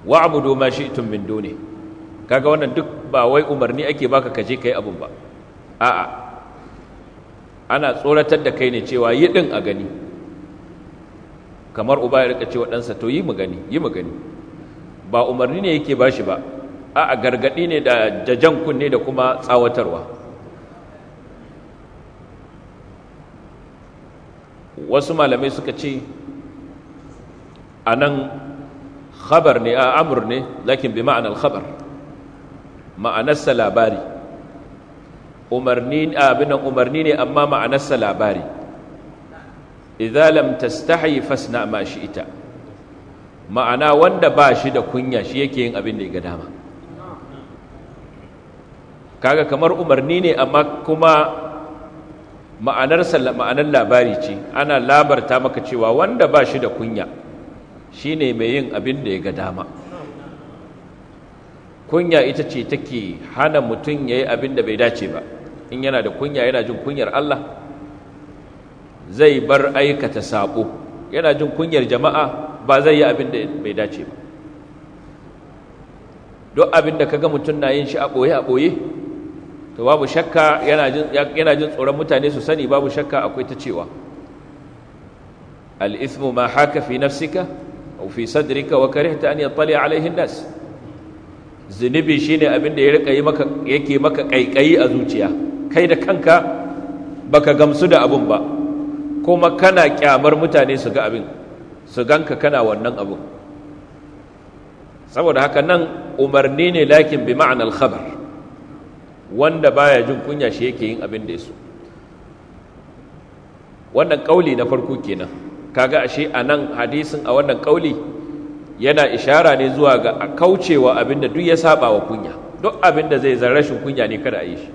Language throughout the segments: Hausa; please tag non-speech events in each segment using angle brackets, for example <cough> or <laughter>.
Wa abudu ma itun min duni kaga wannan duk ba wai umarni ake baka kaje kai abun ba a'a ana tsoratar da kai ne cewa yi din a gani kamar uba ya rika cewa ɗansa to yi mu gani yi mu gani ba umarni ne yake bashi ba a'a gargadi ne da jajan kunne da kuma tsawatarwa wasu malamai suka ce a nan khabar ne a amur ne lakin bi ma'anar khabar ma'anarsa labari umarni abinan umarni ne amma ma'anarsa labari idza lam tastahi fasna ma ita. ma'ana wanda ba shi da kunya shi yake yin abin da ya ga dama kaga kamar umarni ne amma kuma ma'anar labari ce ana labarta maka cewa wanda ba shi da kunya Shi ne mai yin abin da ya ga dama kunya ita ce take hana mutum ya yi abin da bai dace ba in yana da kunya yana jin kunyar Allah zai bar aikata saƙo yana jin kunyar jama'a ba zai yi abin da bai dace ba duk abin da kaga mutum na yin shi a ɓoye a ɓoye to babu shakka yana jin tsoron mutane su sani babu shakka akwai ta cewa ismu ma haka fi nafsika aw fi sadrika wa karihta an yattali alaihi nas shi shine abin da yake maka kaikayi a zuciya kai da kanka baka gamsu da abin ba kuma kana kyamar mutane su ga abin su ganka kana wannan abin saboda haka nan umarni ne lakin bi ma'anar khabar wanda baya jin kunya shi yake yin abin da ya so wannan kauli na farko kenan kaga ashe a nan hadisin a wannan kauli yana ishara ne zuwa ga a kaucewa abinda duk ya saba wa kunya duk abinda zai zan rashin kunya ne kada a yi shi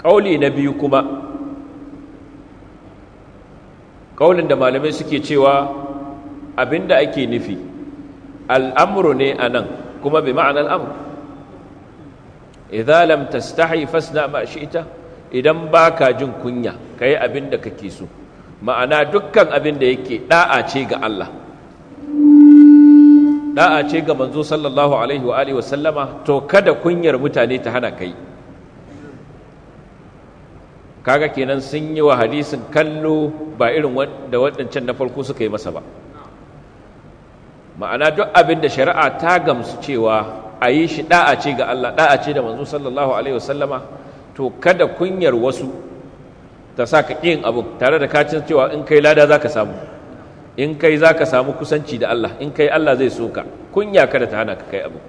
kauli na biyu kuma kaulin da malamai suke cewa abinda ake nufi al'amru ne a nan kuma bi ma'an al'amru idan lam tastahi fasna ma ita? idan baka jin kunya yi abinda kake so ma'ana dukkan abin da yake da'a ce ga Allah da'a ce ga manzo sallallahu alaihi wa alihi wasallama to kada kunyar mutane ta hana kai kaga kenan sun yi wa hadisin kallo ba irin da waɗancan na farko suka yi masa ba ma'ana duk abin da shari'a ta gamsu cewa a yi shi da'a ce ga Allah da'a ce da manzo sallallahu alaihi wasallama to kada kunyar wasu ta sa ka ƙin abin tare da kacin cewa in kai lada za ka samu in kai za ka samu kusanci da Allah in kai Allah zai so ka kunya kada ta hana ka kai abu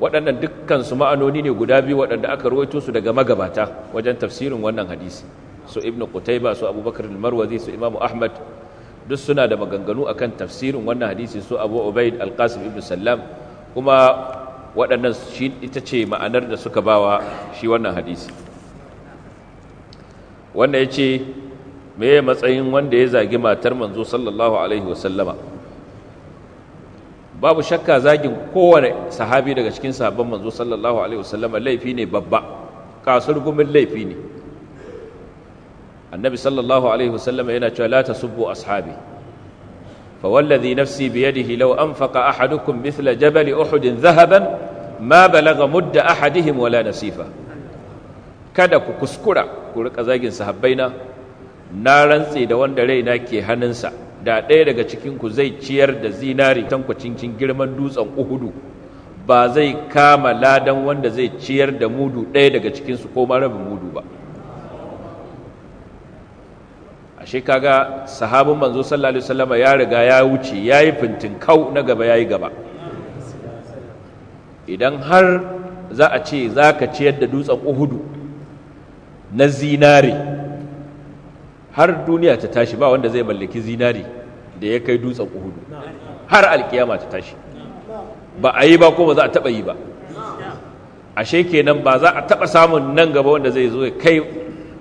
waɗannan dukkan su ma'anoni ne guda biyu waɗanda aka rawaito su daga magabata wajen tafsirin wannan hadisi su ibnu qutayba su abubakar al-marwazi su imam ahmad duk suna da maganganu akan tafsirin wannan hadisi su abu ubaid al-qasim ibn sallam kuma waɗannan shi ita ce ma'anar da suka bawa shi wannan hadisi wanda ya ce me matsayin wanda ya zagi matar manzo sallallahu alaihi wasallama babu shakka zagin kowane sahabi daga cikin sahabban manzo sallallahu alaihi wasallama laifi ne babba kasar gumin laifi ne annabi sallallahu alaihi wasallama yana cewa la tasubbu ashabi fa wallazi nafsi biyadihi law anfaqa ahadukum mithla jabali uhudin dhahaban ma balagha mudda ahadihim wala kada ku kuskura ku rika zagin sahabbaina na rantse da wanda raina ke hannunsa da ɗaya daga cikin ku zai ciyar da zinari tankwacin girman dutsen uhudu ba zai kama ladan wanda zai ciyar da mudu ɗaya daga cikinsu ko rabin mudu ba ashe kaga sahabin manzo sallallahu alaihi wasallama ya riga ya wuce yayi fintin kau na gaba yayi gaba idan har za a ce ka ciyar da dutsen uhudu na zinare har duniya ta tashi ba wanda zai mallaki zinare da ya kai dutsen uhudu har alkiyama ta tashi ba a yi ba kuma za a taɓa yi ba ashe kenan ba za a taɓa samun nan gaba wanda zai zo ya kai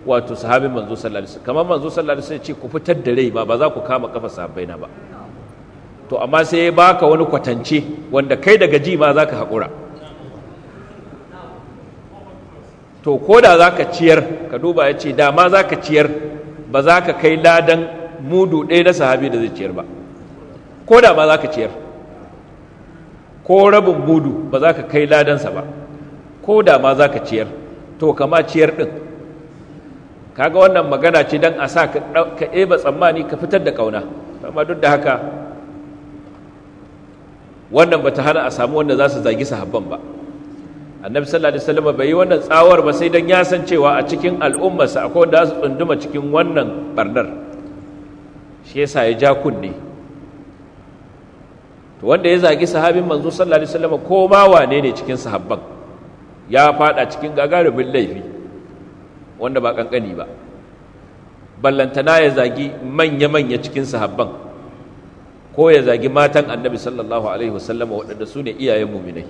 wato sahabin manzo sallallahu alaihi kamar manzo sallallahu alaihi ce ku fitar da rai ba ba za ku kama kafa sahabbai na ba to amma sai ya baka wani kwatance wanda kai daga ji ma zaka hakura to ko da za ka ciyar ka duba ya ce dama za ka ciyar ba za ka kai ladan mudu ɗaya na sahabi da zai ciyar ba ko da ma za ka ciyar ko rabin mudu ba za ka kai ladansa ba ko da ma za ka ciyar to kama ciyar ɗin kaga wannan magana ce don a sa ka ɗeba tsammani ka fitar da ƙauna amma duk da haka wannan ba ta hana a samu wanda za su zagi sahabban ba annabi sallallahu alaihi wasallam bai yi wannan tsawar ba sai dan ya san cewa a cikin al'ummarsa akwai wanda su tsunduma cikin wannan barnar shi yasa ya ja kunne to wanda ya zagi sahabin manzo sallallahu alaihi wasallam ko ma wane ne cikin sahabban ya fada cikin gagarumin laifi wanda ba kankani ba ballantana ya zagi manya-manya cikin sahabban ko ya zagi matan annabi sallallahu alaihi wasallam waɗanda su ne iyayen muminai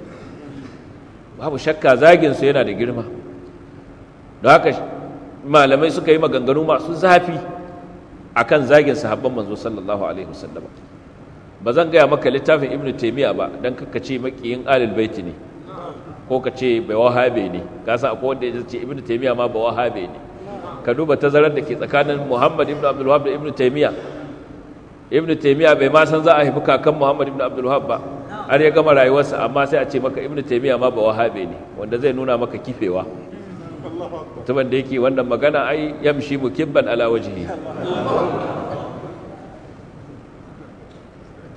babu shakka zaginsu yana da girma don haka malamai suka yi maganganu masu zafi a kan zagin sahabban manzo sallallahu alaihi wasallam ba zan gaya maka littafin Ibn taimiyya ba don kaka ce makiyin alil baiti ne ko ka ce bai wahabe ne ka san akwai wanda ya ce Ibn taimiyya ma ba wahabe ne ka duba tazarar da ke tsakanin muhammad Ibn abdul wahab da Ibn taimiyya Ibn taimiyya bai ma san za a haifi kakan muhammad Ibn abdul wahab ba har ya gama rayuwarsa amma sai a ce maka ibnu taymiya ma ba wahabe ne wanda zai nuna maka kifewa mutumin da yake wannan magana ai yamshi mukibban ala wajhi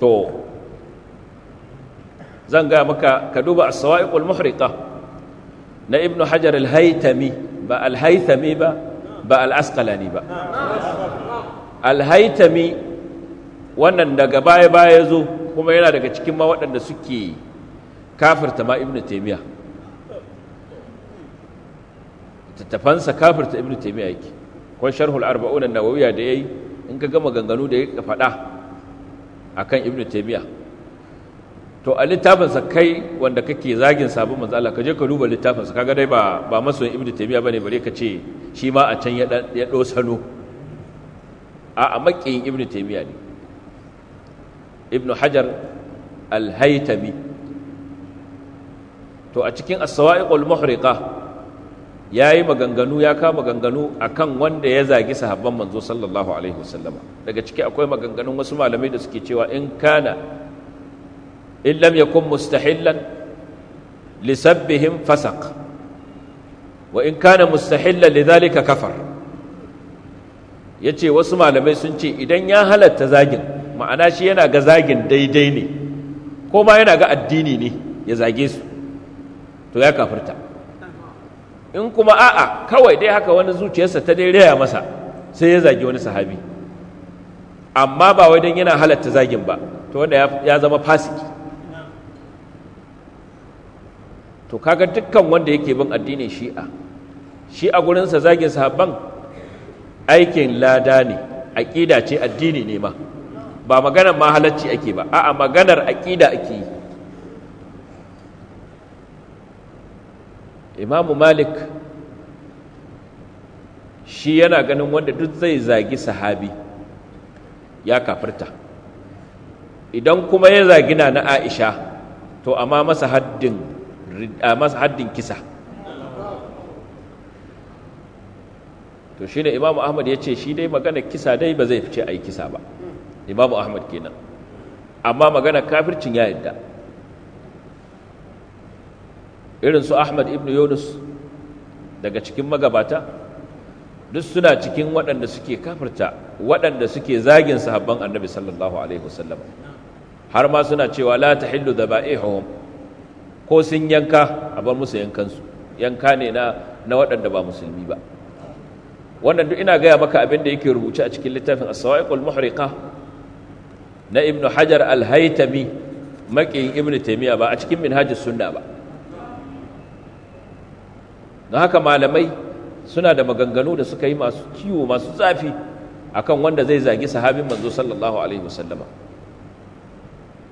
to zan ga maka ka duba as-sawa'iqul muhriqa na ibnu hajar al-haytami ba al-haythami ba ba al-asqalani ba al-haytami wannan daga baya baya zo kuma yana daga cikin ma waɗanda suke kafirta ma ibnu taimiya tattafansa kafirta ibnu taimiya yake kwan sharhul arba'un an da yayi in ka gama ganganu da ya faɗa akan ibnu taimiya. to a littafinsa kai wanda kake zagin sabon manzo Allah ka je ka duba littafinsa kaga dai ba ba masoyin ibnu taimiya bane bare ka ce shi ma a can ya ya dosano a a makiyin ibnu taimiya ne ibn hajar al-haitami to a cikin as-sawa'iqul muhriqa yayi maganganu ya kama maganganu akan wanda ya zagi sahabban manzo sallallahu alaihi wasallama daga ciki akwai maganganun wasu malamai da suke cewa in kana in lam yakun mustahillan lisabbihim fasaq wa in kana mustahillan lidhalika kafar yace wasu malamai sun ce idan ya halatta zagin ma'ana shi yana ga zagin daidai ne ko ma yana ga addini ne ya zage su to ya kafirta in kuma a'a kawai dai haka wani zuciyarsa ta dai raya masa sai ya zagi wani sahabi amma ba wai don yana halatta zagin ba to wanda ya zama fasiki to kaga dukkan wanda yake bin addinin shi'a shi a gurinsa zagin sahabban aikin lada ne aƙida ce addini ne ma ba maganar mahalarci ake ba a'a maganar aƙida ake yi imamu malik shi yana ganin wanda duk zai zagi sahabi ya kafirta idan kuma ya zagi na na aisha to amma masa haddin masa haddin kisa to shi ne imamu ahmad ya ce shi dai magana kisa dai ba zai fice a yi kisa ba imamu ahmad kenan amma magana kafircin ya yadda irin su ahmad ibn yunus daga cikin magabata duk suna cikin waɗanda suke kafirta waɗanda suke zagin sahabban annabi sallallahu alaihi wasallam har ma suna cewa la tahillu dhaba'ihum ko sun yanka a bar musu yankansu yanka ne na na waɗanda ba musulmi ba wannan duk ina gaya maka abin da yake rubuce a cikin littafin as-sawa'iqul muhriqa na ibnu hajar al-haitami maƙiyin ibnu taimiyya ba a cikin minhajus sunna ba na haka malamai suna da maganganu da suka yi masu ciwo masu zafi akan wanda zai zagi sahabin manzo sallallahu alaihi wasallama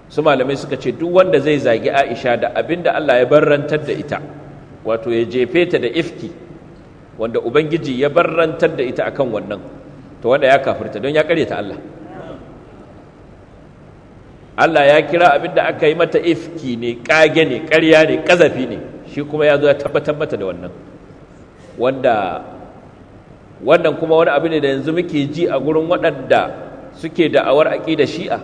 su malamai suka ce duk wanda zai zagi aisha da abinda Allah ya barrantar da ita wato ya jefe ta da ifki wanda ubangiji ya barrantar da ita akan wannan to wanda ya kafirta don ya karyata Allah Allah ya kira abin da aka yi mata ifki ne kage ne ƙarya ne ƙazafi ne shi kuma ya zo ya tabbatar mata da wannan wanda wannan kuma wani abu da yanzu muke ji a gurin waɗanda suke da'awar da shi'a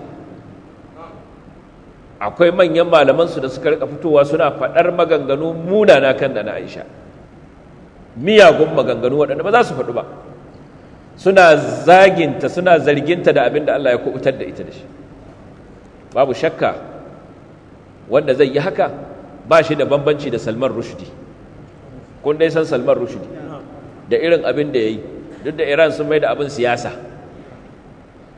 akwai manyan malamansu da suka rika fitowa suna faɗar maganganu munana kan da na aisha miyagun maganganu waɗanda ba za su faɗu ba suna zaginta suna zarginta da abin da Allah ya kubutar da ita da shi babu shakka wanda zai yi haka ba shi da bambanci da salman rushdi kun dai san salman rushdi da irin abin da ya yi duk da iran sun mai da abin siyasa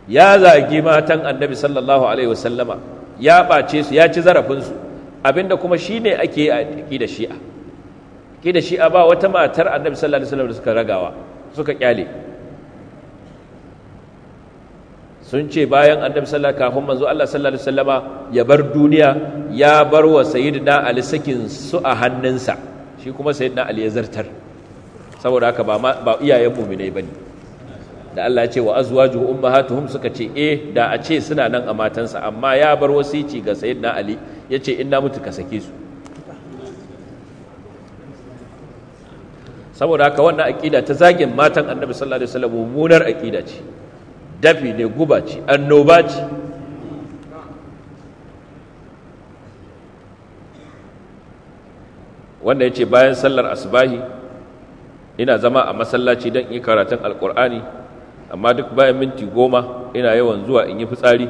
ya zagi matan annabi sallallahu alaihi wasallama ya ɓace su ya ci zarafinsu abinda kuma shi ne ake yi a da shi'a ƙi da shi'a ba wata matar annabi sallallahu alaihi wasallama da suka ragawa suka ƙyale sun ce bayan annabi sallallahu kafin manzo Allah sallallahu alaihi wasallama ya bar duniya ya bar wa sayyidina Ali sakin su a hannunsa shi kuma sayyidina Ali ya zartar saboda haka ba ba iyayen mu'minai bane da Allah ya ce wa azwaju ummahatuhum suka ce eh da a ce suna nan a matansa amma ya bar wasici ga sayyidina Ali yace inna mutu ka sake su saboda haka wannan aƙida ta zagin matan annabi sallallahu alaihi wasallam mummunar aƙida ce dafi ne guba ce annoba ce wanda ya ce bayan sallar asbahi ina zama a masallaci don yi karatun alkur'ani amma duk bayan minti goma ina yawan zuwa in yi fitsari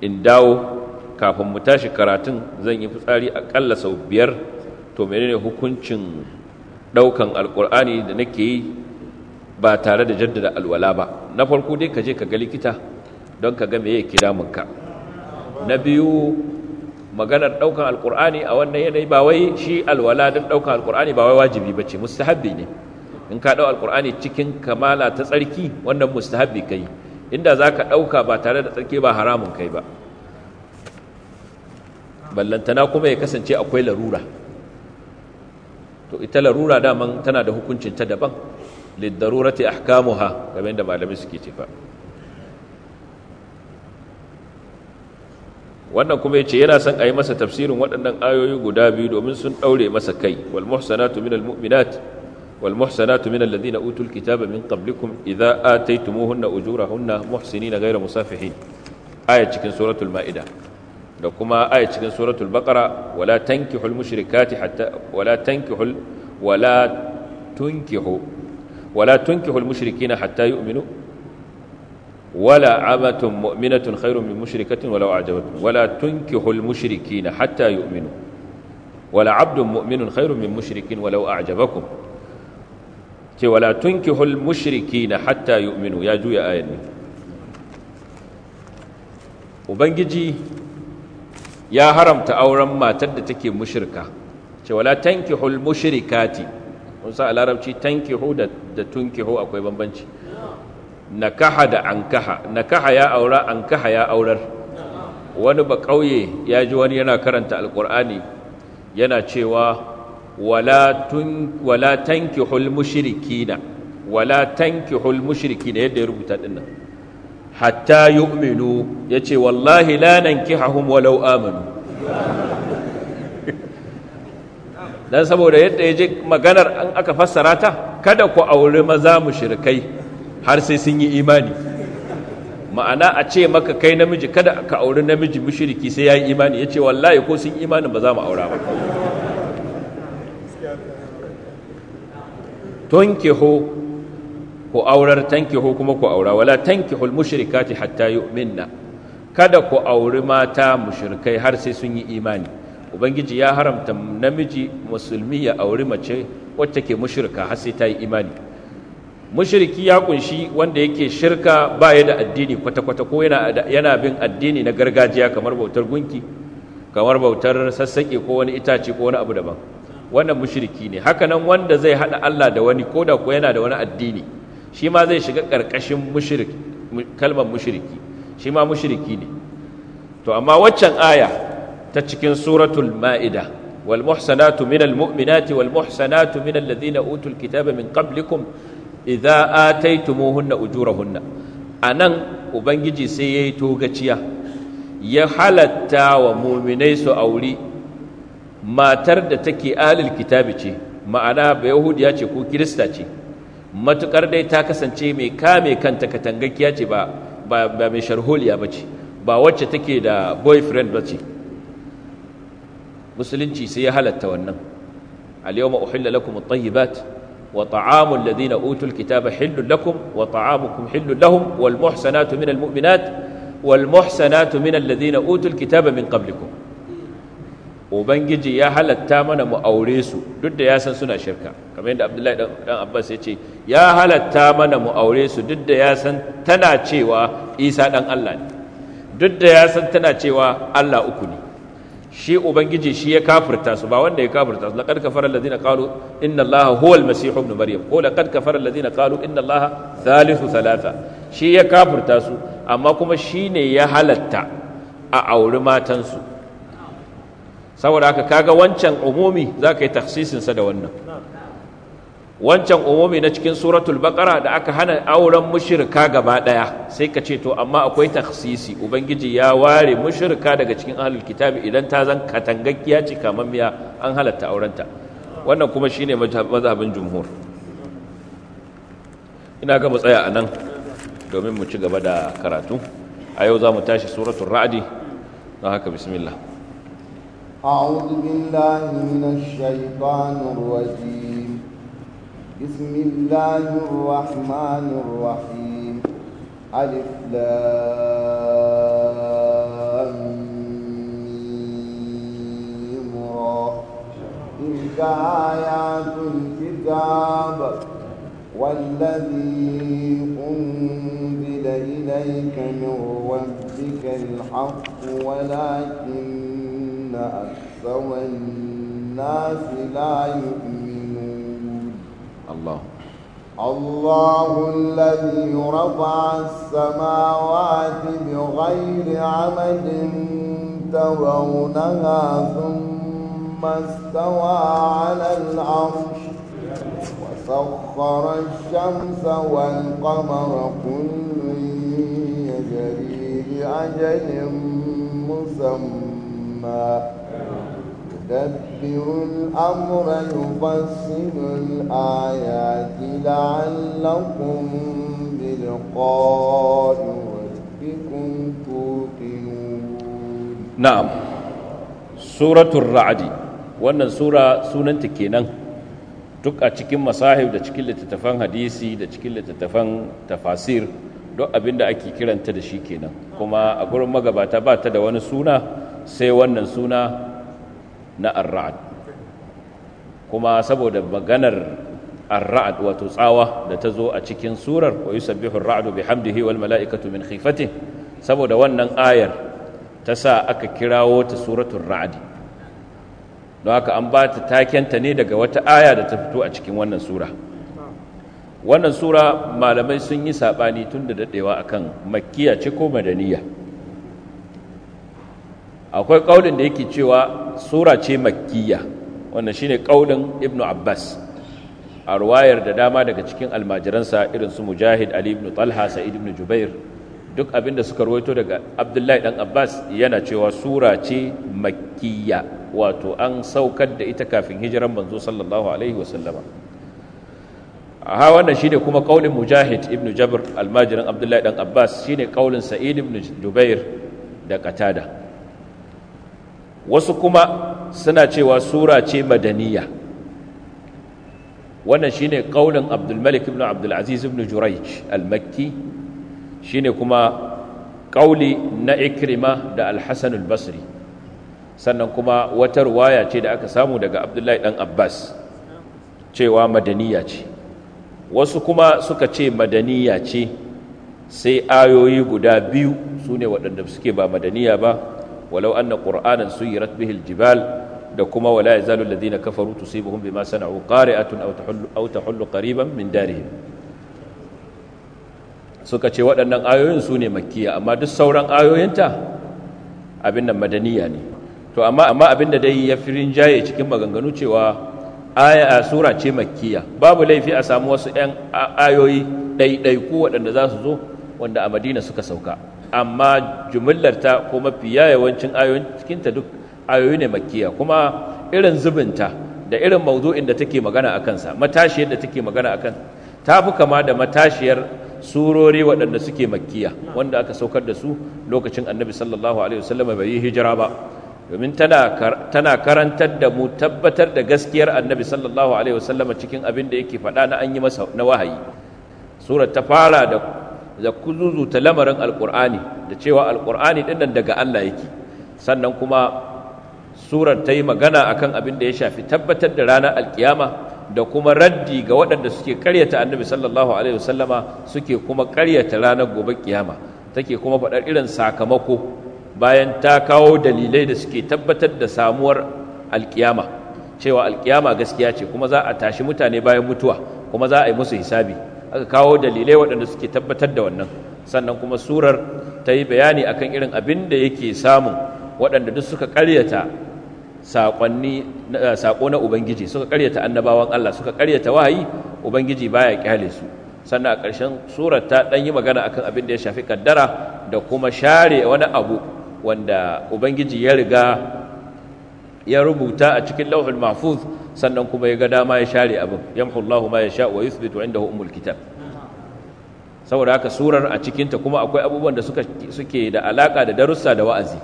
in dawo kafin mu tashi karatun zan yi fitsari akalla sau biyar to menene hukuncin ɗaukan alkur'ani da nake yi ba tare da jaddada alwala ba na farko dai ka je ka ga likita don ka ga me yake damunka na biyu maganar daukan alkur'ani a wannan yanayi ba wai shi alwala don daukan alkur'ani ba wai wajibi ba ce mustahabbi ne in ka dau alkur'ani cikin kamala ta tsarki wannan mustahabbi kai inda zaka ka dauka ba tare da tsarki ba haramun kai ba ballantana kuma ya kasance akwai larura to ita larura daman tana da hukuncin ta daban lidarurati ahkamuha game da malamai suke cefa wannan kuma yace yana son a yi masa tafsirin waɗannan ayoyi guda biyu domin sun ɗaure masa kai wal muhsanatu minal mu'minat min muhsanatu minal ladina utul kitaba min qablikum idza ataytumuhunna ujurahunna muhsinina ghayra musafihin aya cikin suratul ma'ida da kuma aya cikin suratul baqara wala tankihul mushrikati hatta wala tankihul wala tunkihu wala tunkihul mushrikina hatta yu'minu wala amatun mu'minatun khairun min mushrikatin walau a'jabatkum wala tunkihul mushrikina hatta yu'minu wala abdun mu'minun khairun min mushrikin walau a'jabakum ce wala tunkihul mushrikina hatta yu'minu ya juya ayan ne ubangiji ya haramta auren matar da take mushrika ce wala mushrikati kun sa a larabci tankihu da da tunkihu akwai bambanci nakaha da ankaha nakaha ya aura ankaha ya aurar wani ba kauye ya ji wani yana karanta alkur'ani yana cewa wala tun wala tankihul mushrikina wala tankihul mushrikina yadda ya rubuta dinnan hatta yu'minu yace wallahi la nankihahum walau amanu dan saboda yadda ya ji maganar an aka fassara ta kada ku auri maza mushrikai har sai sun yi imani ma'ana a ce maka kai namiji kada ka auri namiji mushriki sai ya yi imani ya ce wallahi ko sun imanin ba za mu aura ba tunkiho ku aurar tankiho kuma ku aura wala tankihul mushrikati hatta yu'minna kada ku auri mata mushrikai har sai sun yi imani ubangiji ya haramta namiji musulmi ya auri mace wacce ke mushirka har sai ta yi imani Mushiriki ya kunshi wanda yake shirka baya da addini kwata-kwata ko yana bin addini na gargajiya kamar bautar gunki kamar bautar sassaƙe ko wani itace ko wani abu daban wannan mushiriki ne Haka nan wanda zai haɗa Allah da wani ko da ko yana da wani addini shi ma zai shiga ƙarƙashin kalmar mushiriki shi ma mushiriki ne to amma waccan aya ta cikin suratul ma'ida wal muhsanatu minal mu'minati wal muhsanatu minal ladina utul kitaba min qablikum idza hunna. A nan, ubangiji sai yayi togaciya ya halatta wa mu'minai su auri matar da take alil kitabi ce ma'ana ba yahudiya ce ko kirista ce matukar dai ta kasance mai kame kanta katangakkiya ce ba ba mai sharholiya ba ce ba wacce take da boyfriend ba musulunci sai ya halatta wannan al-yawma uhilla lakum at-tayyibat wa ta'amu utul kitaba hillun lakum wa ta'amukum hillun lahum wal mu'minat wal muhsanatu minal ladhina utul kitaba min qablikum ubangiji ya halatta mana mu aure su duk ya san suna shirka kamar yadda Abdullahi dan Abbas ya ce ya halatta mana mu aure su duk tana cewa Isa dan Allah ne tana cewa Allah uku ne shi ubangiji shi ya kafirta su ba wanda ya kafirta su laqad kafara alladhina qalu inna allaha huwa almasih ibn maryam ko laqad kafara alladhina qalu inna allaha thalithu thalatha shi ya kafirta su amma kuma shi ne ya halatta a auri matansu saboda haka kaga wancan umumi zaka yi takhsisin sa da wannan wancan umumi na cikin suratul baqara da aka hana auren mushirka gaba daya sai ka ce to amma akwai taksisi, ubangiji ya ware mushirka daga cikin ahlul kitabi idan ta zan katangakkiya ce miya an halatta aurenta wannan kuma shine mazhabin jumhur ina ga mu tsaya anan domin mu ci gaba da karatu a yau za mu tashi suratul ra'di don haka bismillah أعوذ بالله من الشيطان الرجيم بسم الله الرحمن الرحيم ألف تلك آيات الكتاب والذي أنزل إليك من ربك الحق ولكن أكثر الناس لا يؤمنون الله الله الذي رفع السماوات بغير عمد ترونها ثم استوى على العرش وسخر الشمس والقمر كل يجري لأجل مسمى يدبر الأمر يفصل الآيات لعلكم بلقاء ربكم توقنون نعم سورة الرعد wannan sura sunanta kenan duk a cikin masahib da cikin littattafan hadisi da cikin littattafan tafasir duk da ake kiranta da shi kenan kuma a gurin magabata ba ta da wani suna sai wannan suna na arra'ad kuma saboda maganar arra'ad wato tsawa da ta zo a cikin surar wa yusabbihu ar bihamdihi wal mala'ikatu min khifati saboda wannan ayar ta sa aka kirawo ta suratul ra'd don haka an ba ta takenta ne daga wata aya da ta fito a cikin wannan sura wannan sura malamai sun yi saɓani tun da daɗewa akan kan makiya ce ko madaniya akwai ƙaunin da yake cewa sura ce makkiya wannan shine kaulin ibnu abbas a ruwayar da dama daga cikin almajiransa irin su mujahid ali ibn talha sa'id ibn jubair duk abinda suka ruwaito daga abdullahi dan abbas yana cewa sura ce makkiya wato an saukar da ita kafin hijiran manzo sallallahu alaihi wasallama aha wannan shine kuma kaulin mujahid ibn jabr almajirin abdullahi dan abbas shine kaulin sa'id ibn jubair da qatada wasu kuma suna cewa sura ce madaniya wannan shine kaulin abdulmalik ibn abdulaziz ibn juraij al-makki shine kuma kauli na ikrima da al-hasan al-basri sannan kuma wata ruwaya ce da aka samu daga abdullahi dan abbas cewa madaniya ce wasu kuma suka ce madaniya ce sai ayoyi guda biyu su ne waɗanda suke ba madaniya ba walau anna qur'anan suyirat bihi aljibal da kuma wala yazalu alladhina kafaru tusibuhum bima sana'u qari'atun aw tahullu aw tahullu qariban min suka ce waɗannan ayoyin su ne makiya amma duk sauran ayoyinta abin nan madaniya ne to amma amma abin da dai ya firin jaye cikin maganganu cewa aya a sura ce makiya. babu laifi a samu wasu 'yan ayoyi ɗaiɗaiku waɗanda za su zo wanda a madina suka sauka amma jumillarta ko mafiya yawancin ayoyin cikinta duk ayoyi ne makiya. kuma irin zubinta da irin mawdu'in da take magana a kansa matashiyar da take magana a kan ta fi kama da matashiyar surori waɗanda suke makkiya wanda aka saukar da su lokacin annabi sallallahu alaihi wasallam bai yi hijira ba domin tana karantar da mu tabbatar da gaskiyar annabi sallallahu alaihi wasallam cikin abin da yake faɗa na an yi masa na wahayi surar ta fara da da ta lamarin alkur'ani da cewa alƙur'ani dinnan daga Allah yake sannan kuma surar ta yi magana akan abin da ya shafi tabbatar da ranar alkiyama da kuma raddi ga waɗanda suke karyata annabi sallallahu alaihi wasallama suke kuma karyata ranar gobe kiyama take kuma faɗar irin sakamako bayan ta kawo dalilai da suke tabbatar da samuwar alkiyama cewa alkiyama gaskiya ce kuma za a tashi mutane bayan mutuwa kuma za a yi musu hisabi aka kawo dalilai waɗanda suke tabbatar da wannan sannan kuma surar ta yi bayani akan irin abin da yake samun waɗanda duk suka ƙaryata eh, saƙo na ubangiji suka ƙaryata annabawan Allah suka karyata wahayi ubangiji baya kyale su sannan a ƙarshen surar ta ɗan yi magana akan abin da ya shafi kaddara da kuma share wani abu wanda ubangiji ya riga ya rubuta a cikin lauhul mahfuz sannan kuma ya ga dama ya share abin yamhu Allahu ma yasha wa yuthbitu indahu umul kitab saboda haka surar a cikinta kuma akwai abubuwan da suka suke da alaka da darussa da wa'azi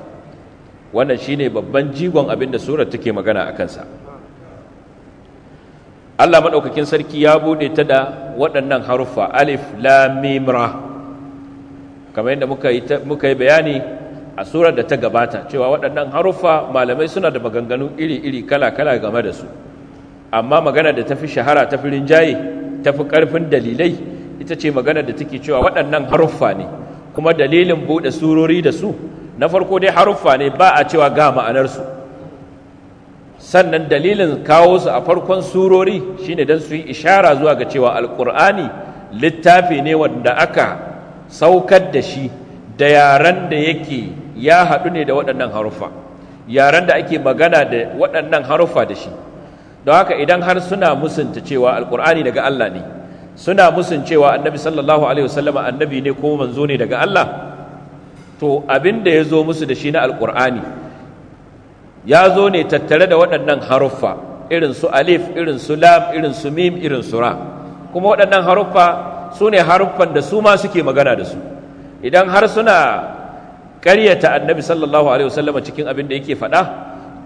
wannan shine babban jigon abin da surar take magana a kansa Allah madaukakin sarki ya bude ta da waɗannan haruffa alif lam mim ra kamar yadda muka yi muka yi bayani a surar da ta gabata cewa waɗannan haruffa malamai suna da maganganu iri-iri kala-kala game da su amma magana da tafi shahara tafi rinjaye tafi karfin dalilai ita ce magana da take cewa waɗannan haruffa ne kuma dalilin buɗe surori da su na farko dai haruffa ne ba a cewa ga ma'anarsu sannan dalilin kawo su a farkon surori shine dan su yi ishara zuwa ga cewa alqur'ani littafi ne wanda aka saukar da shi da yaran da yake ya haɗu ne da waɗannan haruffa Yaran da ake magana da waɗannan haruffa da shi don haka idan har suna musunta cewa alkur'ani daga Allah ne suna musun cewa annabi sallallahu alaihi wasallama annabi ne ko manzo ne daga Allah to abin da ya zo musu da shi na alkur'ani ya zo ne tattare da waɗannan haruffa irin su alif irin su lam irin su mim irin su ra kuma waɗannan haruffa su ne haruffan da su ma suke magana da su idan har suna ƙaryata annabi sallallahu alaihi wasallama cikin abin da yake faɗa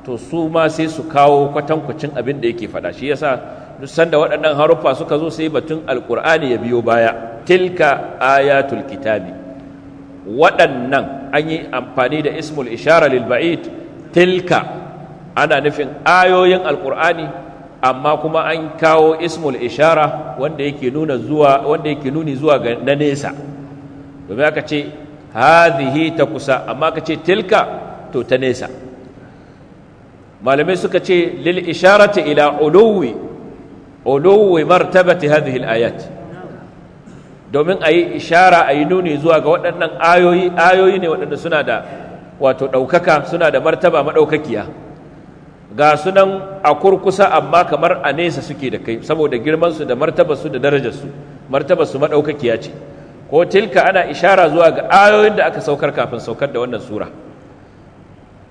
to su ma sai su kawo kwatankwacin abin da yake faɗa shi yasa duk sanda waɗannan haruffa suka zo sai batun Alƙur'ani ya biyo baya tilka ayatul kitabi waɗannan an yi amfani da ismul ishara lil ba'id tilka ana nufin ayoyin Alƙur'ani. amma kuma an kawo ismul ishara wanda yake nuna zuwa wanda yake nuni zuwa ga na nesa domin aka ce hadhihi ta kusa amma aka ce tilka to ta nesa malamai suka ce lil isharati ila uluwi uluwi martabati hadhihi al-ayat domin ayi ishara ayi nuni zuwa ga waɗannan ayoyi ayoyi ne waɗanda suna da wato ɗaukaka suna da martaba maɗaukakiya ga sunan a kurkusa amma kamar a nesa suke da kai saboda girmansu da martabarsu da darajarsu martabarsu maɗaukakiya ce ko tilka ana ishara zuwa ga ayoyin da aka saukar kafin saukar da wannan sura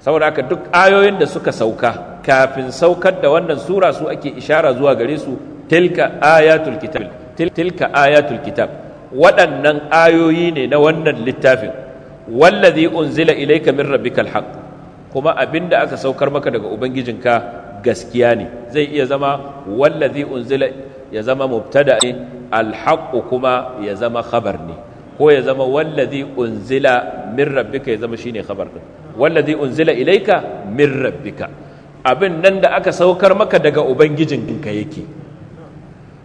saboda haka duk ayoyin da suka sauka kafin saukar da wannan sura su ake ishara zuwa gare su tilka ayatul kitab tilka ayatul kitab waɗannan ayoyi ne na wannan littafin wallazi unzila ilayka min rabbikal haqq kuma abinda aka saukar maka daga ubangijinka gaskiya ne zai iya zama wallazi unzila ya zama mubtada ne alhaqqu kuma ya zama khabar ne ko ya zama wallazi unzila min rabbika ya zama shine khabar din wallazi unzila ilaika min rabbika abin nan da aka saukar maka daga ubangijinka yake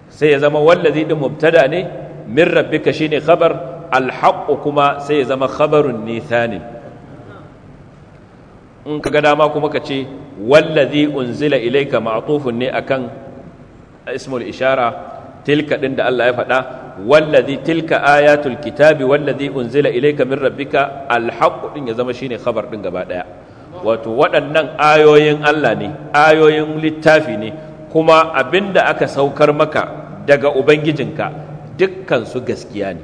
sai ya zama wallazi din mubtada ne min rabbika shine khabar alhaqqu kuma sai ya zama khabarun ne in ka ga dama kuma ka ce wallazi unzila ilaika ma'tufun ne akan ismul ishara tilka ɗin da Allah ya faɗa wallazi tilka ayatul kitabi wallazi unzila ilayka min rabbika alhaq din ya zama shine khabar din gaba daya wato waɗannan ayoyin Allah ne ayoyin littafi ne kuma abinda aka saukar maka daga ubangijinka dukkan su gaskiya ne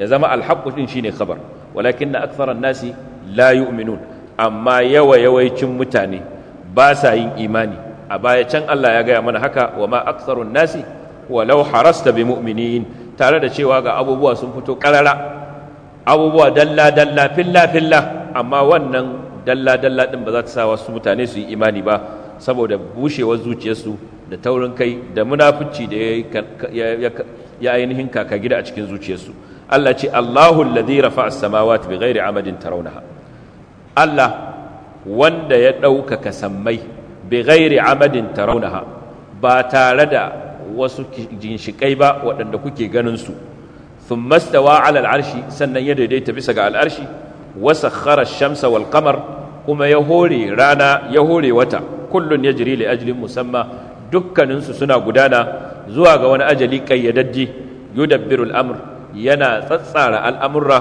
ya zama alhaq din shine khabar walakin aktharan nasi la yu'minun amma yawa yawaicin mutane ba sa yin imani a baya can Allah ya gaya mana haka wa ma aktsarun nasi walau harasta bi mu'minin tare da cewa ga abubuwa sun fito karara abubuwa dalla dalla filla filla amma wannan dalla dalla din ba za ta sa wasu mutane su yi imani ba saboda bushewar zuciyarsu da taurin kai da munafici da ya ainihin kaka gida a cikin zuciyarsu Allah ce Allahu alladhi rafa'a as-samawati bighairi amadin tarawnaha Allah wanda ya ɗaukaka sammai bighairi amadin tarawnaha ba tare da wasu ginshikai ba waɗanda kuke ganin su sun mastawa al'arshi sannan ya daidaita bisa ga al'arshi wasu khara shamsa wal kamar kuma ya hore rana ya hore wata kullun ya jiri li ajilin musamma dukkaninsu suna gudana zuwa ga wani ajali ƙayyadajji yudabbiru al'amur yana tsatsara al'amurra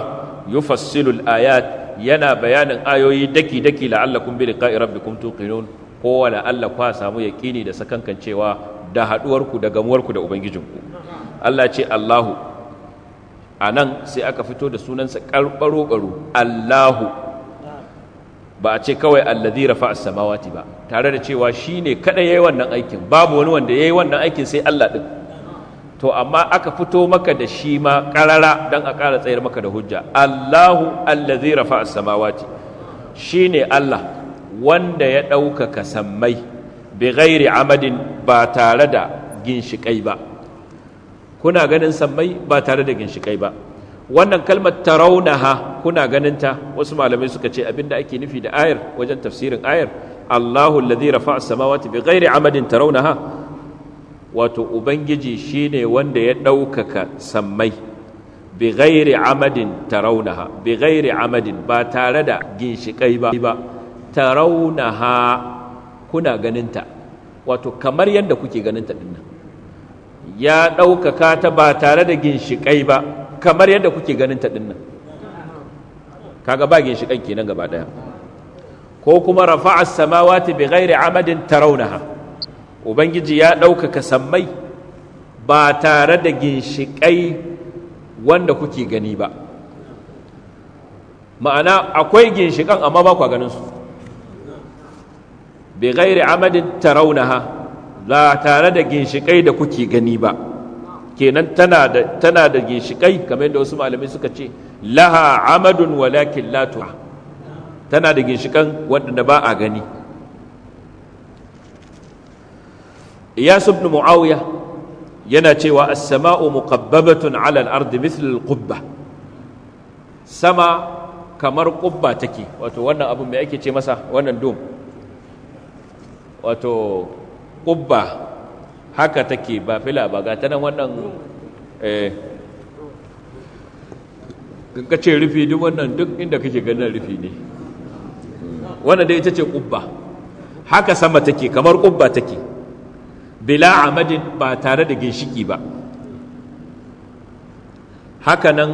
yufassilu ayat yana bayanin ayoyi daki-daki la'allakum bi liqa'i rabbikum tuqinun ko la'alla kwa samu yaqini da sakankan cewa da haɗuwarku da gamuwarku da ubangijinku Allah ce Allahu a nan sai aka fito da sunansa ƙarɓaro ɓaro Allahu ba a ce kawai allazi rafa as-samawati ba tare da cewa shine ya yi wannan aikin babu wani wanda yayi wannan aikin sai Allah din to amma aka fito maka da shi ma ƙarara, dan a ƙara tsayar maka da hujja Allahu allazi rafa as-samawati shine Allah wanda ya ɗaukaka sammai bi ghairi amadin ba tare da ginshiƙai ba kuna ganin sammai ba tare da ginshiƙai ba wannan kalmar taraunaha kuna ganinta wasu malamai suka ce abinda ake nufi da ayar wajen tafsirin ayar Allahu alladhi rafa'a as-samawati bighairi amadin taraunaha. wato ubangiji shine wanda ya ɗaukaka sammai bighairi amadin tarawnaha bighairi amadin ba tare da ginshiƙai ba tarawnaha kuna ganinta wato kamar yadda kuke ganin ta dinnan ya ɗaukaka ta ba tare da ginshiƙai ba kamar yadda kuke ganin ta dinnan kaga ba ginshiƙan kenan gaba ɗaya ko kuma rafa'a samawati bi ghairi amadin tarawnaha ubangiji ya ɗaukaka sammai ba tare da ginshiƙai wanda kuke gani ba ma'ana akwai ginshiƙan amma ba kwa ganin su bi ghairi amadin taraunaha ba tare da ginshikai da kuke gani ba kenan tana da tana da ginshikai kamar yadda wasu malamai suka ce laha amadun walakin la tana da ginshiƙan waɗanda ba a gani iyasu ibn Muawiya yana cewa as-sama'u muqabbabatun 'ala al-ard mithla al-qubba sama kamar ƙubba take wato wannan abin mai ake ce masa wannan dome wato ƙubba haka take ba fila ba ga ta nan wannan eh ka rufi duk wannan duk inda kake ganin rufi ne wannan dai ita ce ƙubba haka sama take kamar ƙubba take bila amadin ba tare da ginshiki ba haka nan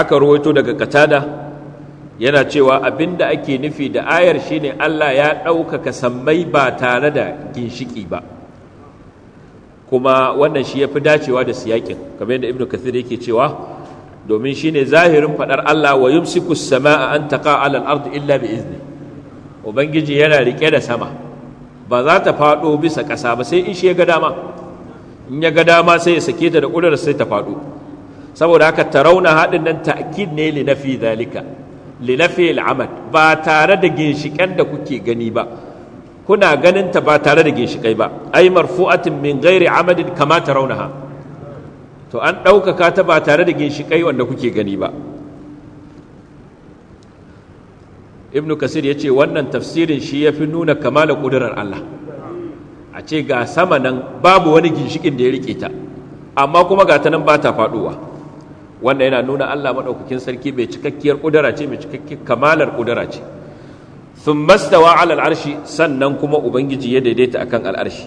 aka rawaito daga katada yana cewa abin da ake nufi da ayar shine Allah ya ɗaukaka sammai ba tare da ginshiƙi ba kuma wannan shi ya fi dacewa da siyakin kamar yadda ibnu kathir yake cewa domin shine zahirin faɗar Allah wa yumsiku samaa an taƙa alal ardu illa bi izni ubangiji yana rike da sama ba za ta faɗo bisa ƙasa ba sai in shi ya ga dama in ya ga dama sai ya sake ta da ƙudurar sai ta faɗo saboda haka tarauna haɗin nan ta'kid ne li nafi zalika lilafil amal ba tare da ginshiƙen da kuke gani ba kuna ganinta ta ba tare da ginshiƙai ba ai marfu'atin min ghairi amadin kama raunaha to an ɗaukaka ta ba tare da ginshiƙai wanda kuke gani ba ibn kasir ya ce wannan tafsirin shi ya fi nuna kamala ƙudurar Allah a ce ga sama nan babu wani ginshikin da ya riƙe ta amma kuma ga ta nan ba ta faɗowa. wanda yana nuna Allah maɗaukakin sarki mai cikakkiyar kudura ce mai cikakkiyar kamalar kudura ce sun mastawa alal arshi sannan kuma ubangiji ya daidaita akan al'arshi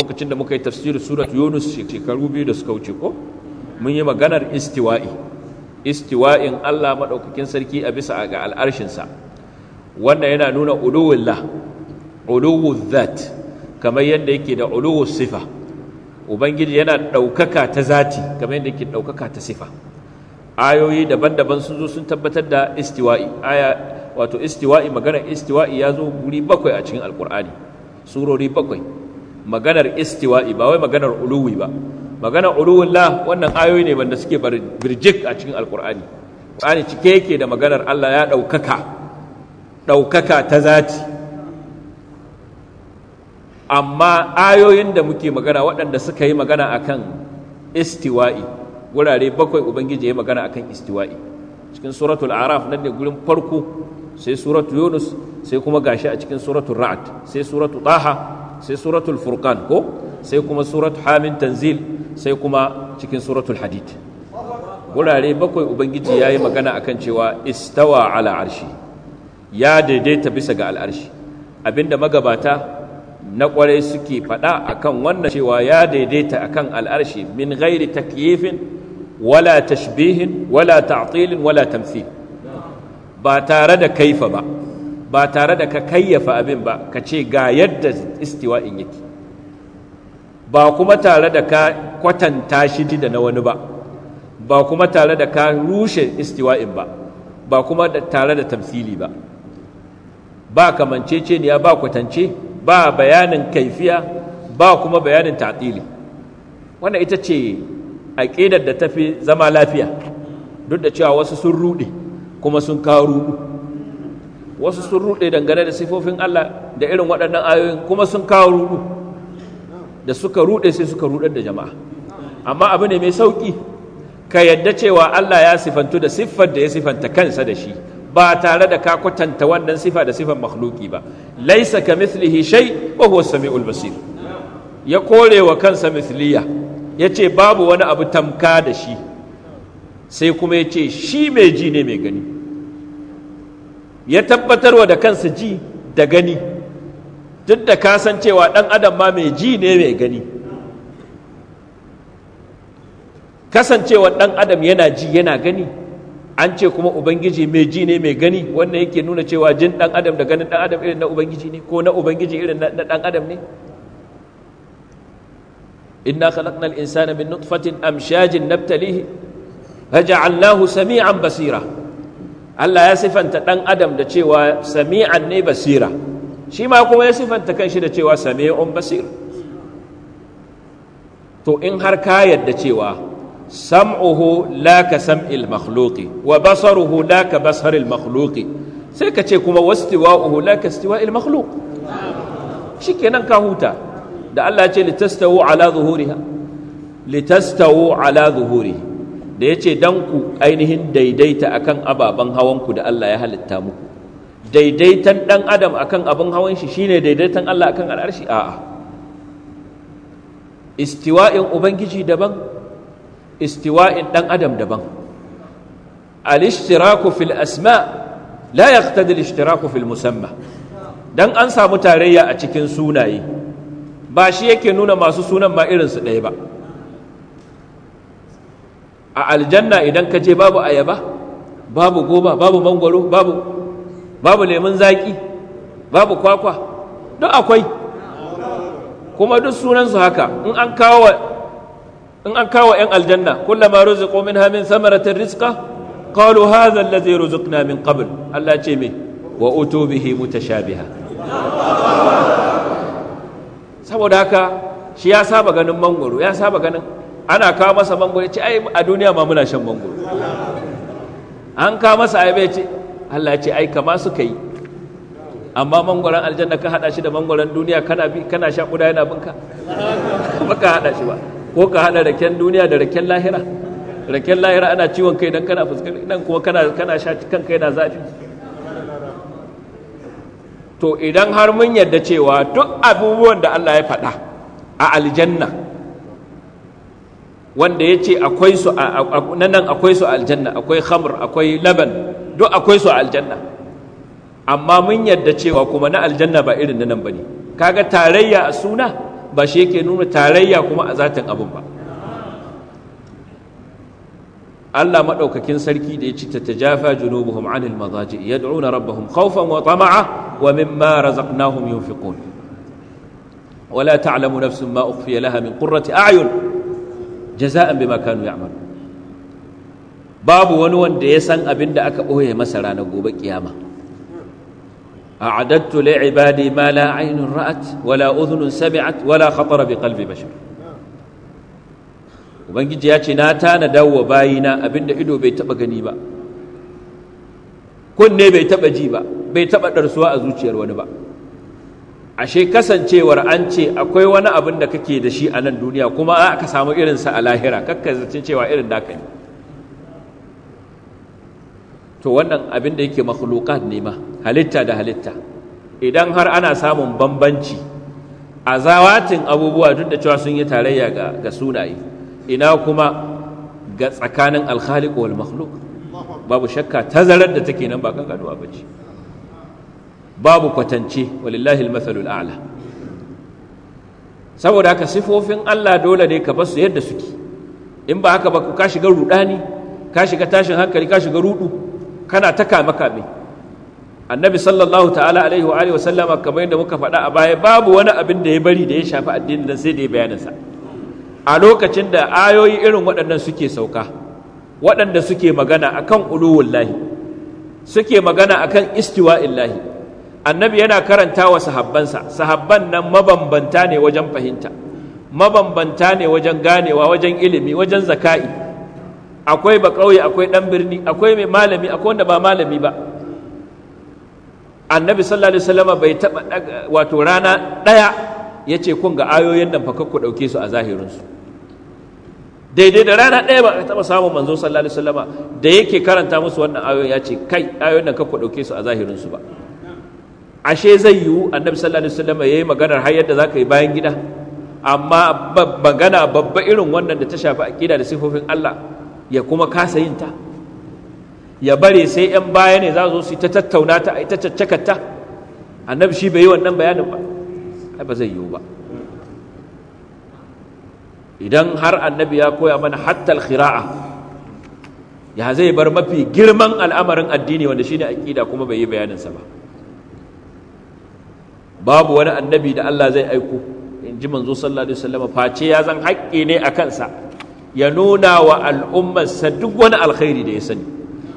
lokacin da muka yi tafsirin surat yunus shekaru biyu da suka wuce ko mun yi maganar istiwa'i istiwa'in Allah maɗaukakin sarki a bisa ga al'arshinsa wannan yana nuna uluwullah uluwul dhat kamar yadda yake da uluwul sifa ubangiji yana ɗaukaka ta zati game yadda ke ɗaukaka ta sifa ayoyi daban-daban sun zo sun tabbatar da istiwa'i aya wato istiwa'i maganar istiwa'i ya zo guri bakwai a cikin alkur'ani surori bakwai maganar istiwa'i ba wai maganar uluwi ba maganar la wannan ayoyi ne wanda suke birjik a cikin alkur'ani alkur'ani cike yake da maganar Allah ya ɗaukaka ɗaukaka ta zati amma ayoyin da muke magana waɗanda suka yi magana akan istiwa'i wurare bakwai ubangiji ya magana akan istiwa'i cikin suratul araf nan ne gurin farko sai suratul yunus sai kuma gashi a cikin suratul ra'ad sai suratul taha sai suratul furqan ko sai kuma suratul hamin tanzil sai kuma cikin suratul hadid wurare bakwai ubangiji ya yi magana akan cewa istawa ala arshi ya daidaita bisa ga al'arshi abinda magabata na kwarai suke faɗa a kan wannan cewa ya daidaita a kan al'arshi min ta takyifin wala tashbihin wala ta'tilin wala tamthil ba tare da kaifa ba ba tare da ka kayyafa abin ba ka ce ga yadda istiwa in yake ba kuma tare da ka kwatanta shi da na wani ba ba kuma tare da ka rushe istiwa in ba ba kuma tare da tamsili ba ba kamanceceniya ba kwatance ba bayanin kaifiya ba kuma bayanin taɗili wannan ita ce aƙidar da ta fi zama lafiya duk da cewa wasu sun rude kuma sun kawo rudu wasu sun rude dangane da sifofin Allah da irin waɗannan ayoyin kuma sun kawo rudu da suka rude sai suka rudar da jama'a amma abu ne mai sauki ka yadda cewa Allah ya sifantu da siffar da ya sifanta kansa da shi ba tare da ka kwatanta wannan sifa da sifan makhluki ba laisa ka mithlihi shay wa huwa samiul basir ya kore wa kansa mithliya yace babu wani abu tamka da shi sai kuma yace shi mai ji ne mai gani ya tabbatarwa da kansa ji da gani duk da cewa ɗan adam ma mai ji ne mai gani kasancewa ɗan adam yana ji yana gani an ce kuma ubangiji mai ji ne mai gani wannan yake nuna cewa jin dan adam da ganin dan adam irin na ubangiji ne ko na ubangiji irin na dan adam ne inna khalaqnal insana min nutfatin amshajin nabtalihi faja'alnahu sami'an basira Allah ya sifanta dan adam da cewa sami'an ne basira shi ma kuma ya sifanta kanshi da cewa sami'un basir to in har ka yadda cewa sam'uhu la ka sam'il makhluqi wa basaruhu la ka basaril makhluqi sai ka ce kuma wastiwa'uhu la ka istiwa'il makhluq shikenan ka huta da Allah ce ala zuhuriha da ya ce dan ku ainihin daidaita akan ababen hawanku da Allah ya halitta muku daidaitan dan adam akan abin hawan shi shine daidaitan Allah akan al'arshi a'a istiwa'in ubangiji daban istiwa'in dan adam daban al-ishtiraku fil asma la yaqtadi al-ishtiraku fil musamma dan an samu tarayya a cikin sunaye ba shi yake nuna masu sunan ma su ɗaya ba a aljanna idan ka je babu ayaba babu goba babu mangwaro babu babu lemun zaki, babu kwakwa duk akwai kuma duk sunansu haka in an kawo in an kawo 'yan aljanna kullama ruziqu minha min samaratin rizqa qalu hadha allazi ruziqna min qabl Allah ce me wa utu bihi mutashabiha saboda haka shi ya saba ganin mangoro ya saba ganin ana kawo masa mangoro ce ai a duniya ma muna shan mangoro an kawo masa ayabe ce Allah ce ai kama suka yi amma mangoron aljanna ka hada shi da mangoron duniya kana bi kana sha kuda yana binka <laughs> baka hada shi ba ko ka hada raken duniya da raken lahira raken lahira ana ciwon kai dan kana fuskar dan kuma kana kana sha kan kai na zafi to idan har mun yarda cewa duk abubuwan da Allah ya faɗa a aljanna wanda ya ce akwai su nan nan akwai su a aljanna akwai khamr akwai laban duk akwai su a aljanna amma mun yarda cewa kuma na aljanna ba irin na nan bane kaga tarayya a suna ba shi yake nuna tarayya kuma a zatin abin ba Allah maɗaukakin sarki da ya ci tattajafa junubuhum anil mazaji yad'una rabbahum khawfan wa tama'a wa mimma razaqnahum yunfiqun wala ta'lamu nafsun ma ukhfiya laha min qurrati a'yun jaza'an bima kanu ya'malun babu wani wanda ya san abin da aka ɓoye masa ranar gobe kiyama أعددت لعبادي ما لا عين رأت ولا أذن سمعت ولا خطر بقلب بشر ubangiji ya ce na tana dawo bayina abinda ido bai taba gani ba kunne bai taba ji ba bai taba darsuwa a zuciyar wani ba ashe kasancewar an ce akwai wani abin da kake da shi a nan duniya kuma aka samu irinsa a lahira kakka zace cewa irin naka ne to wannan abin da yake makhlukat ne ma halitta da halitta idan har ana samun bambanci a zawatin abubuwa duk da cewa sun yi tarayya ga, sunaye ina kuma ga tsakanin alkhaliq wal makhluk babu shakka tazarar da take nan ba kan ba bace babu kwatance walillahi almathalul a'la saboda haka sifofin Allah dole ne ka basu yadda suke in ba haka ba ka shiga rudani ka shiga tashin hankali ka shiga rudu kana ta kame kame annabi sallallahu ta'ala alaihi wa alihi wasallama kamar yadda muka faɗa a baya babu wani abin da ya bari da ya shafi addinin nan sai da ya bayanin sa a lokacin da ayoyi irin waɗannan suke sauka waɗanda suke magana akan uluwullahi suke magana akan istiwa'illahi annabi yana karanta wa sahabbansa sahabban nan mabambanta ne wajen fahimta mabambanta ne wajen ganewa wajen ilimi wajen zaka'i akwai ba kauye akwai dan birni akwai mai malami akwai wanda ba malami ba annabi sallallahu alaihi wasallam bai taba wato rana daya yace kun ga ayoyin nan fa ku dauke su a zahirin su daidai da rana ɗaya ba a taɓa samun manzo sallallahu alaihi wasallam da yake karanta musu wannan ayoyin yace kai ayoyin nan kakku ɗauke su a zahirin su ba ashe zai yiwu annabi sallallahu alaihi wasallam yayi maganar har yadda zaka yi bayan gida amma magana babba irin wannan da ta shafi aqida da sifofin Allah ya kuma kasa yin ta ya bare sai 'yan baya ne za su su ta tattauna ta ta caccakarta annabi shi bai yi wannan bayanin ba ai ba zai yiwu ba idan har annabi ya koya mana hattal khira'a ya zai bar mafi girman al'amarin addini wanda shine aqida kuma bai yi bayanin sa ba babu wani annabi da Allah zai aiko in ji manzo sallallahu alaihi wasallam face ya zan haƙƙi ne a kansa ya nuna wa al'ummarsa duk wani alkhairi da ya sani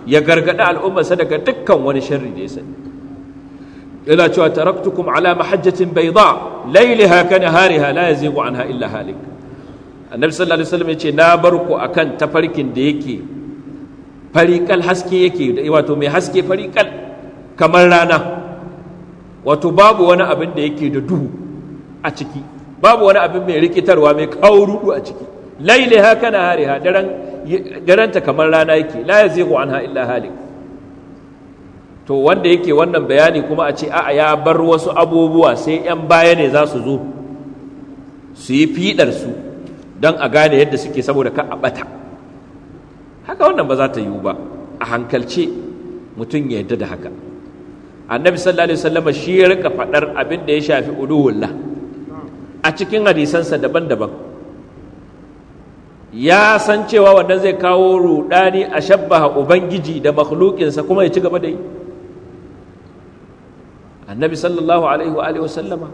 ya gargaɗi al'ummarsa daga dukkan wani sharri da ya sani yana cewa taraktukum ala mahajjatin bayda lailaha ka nahariha la yazigu anha illa halik annabi sallallahu alaihi wasallam yace na bar ku akan tafarkin da yake fariƙal haske yake wato mai haske fariƙal kamar rana wato babu wani abin da yake da duhu a ciki babu wani abin mai rikitarwa mai kawo rudu a ciki lailaha kana hari ha daren ta kamar rana yake la yazigu ha illa halik to wanda yake wannan bayani kuma a ce a'a ya bar wasu abubuwa sai yan baya ne za su zo su yi fidar su don a gane yadda suke saboda ka a bata haka wannan ba za ta yiwu ba a hankalce mutum ya yadda da haka annabi sallallahu alaihi wasallam shi ya rika fadar abin da ya shafi uduwullah a cikin hadisansa daban-daban ya san cewa wannan zai kawo rudani a shabbaha ubangiji da makhlukinsa kuma ya ci gaba da yi annabi sallallahu alaihi wa sallama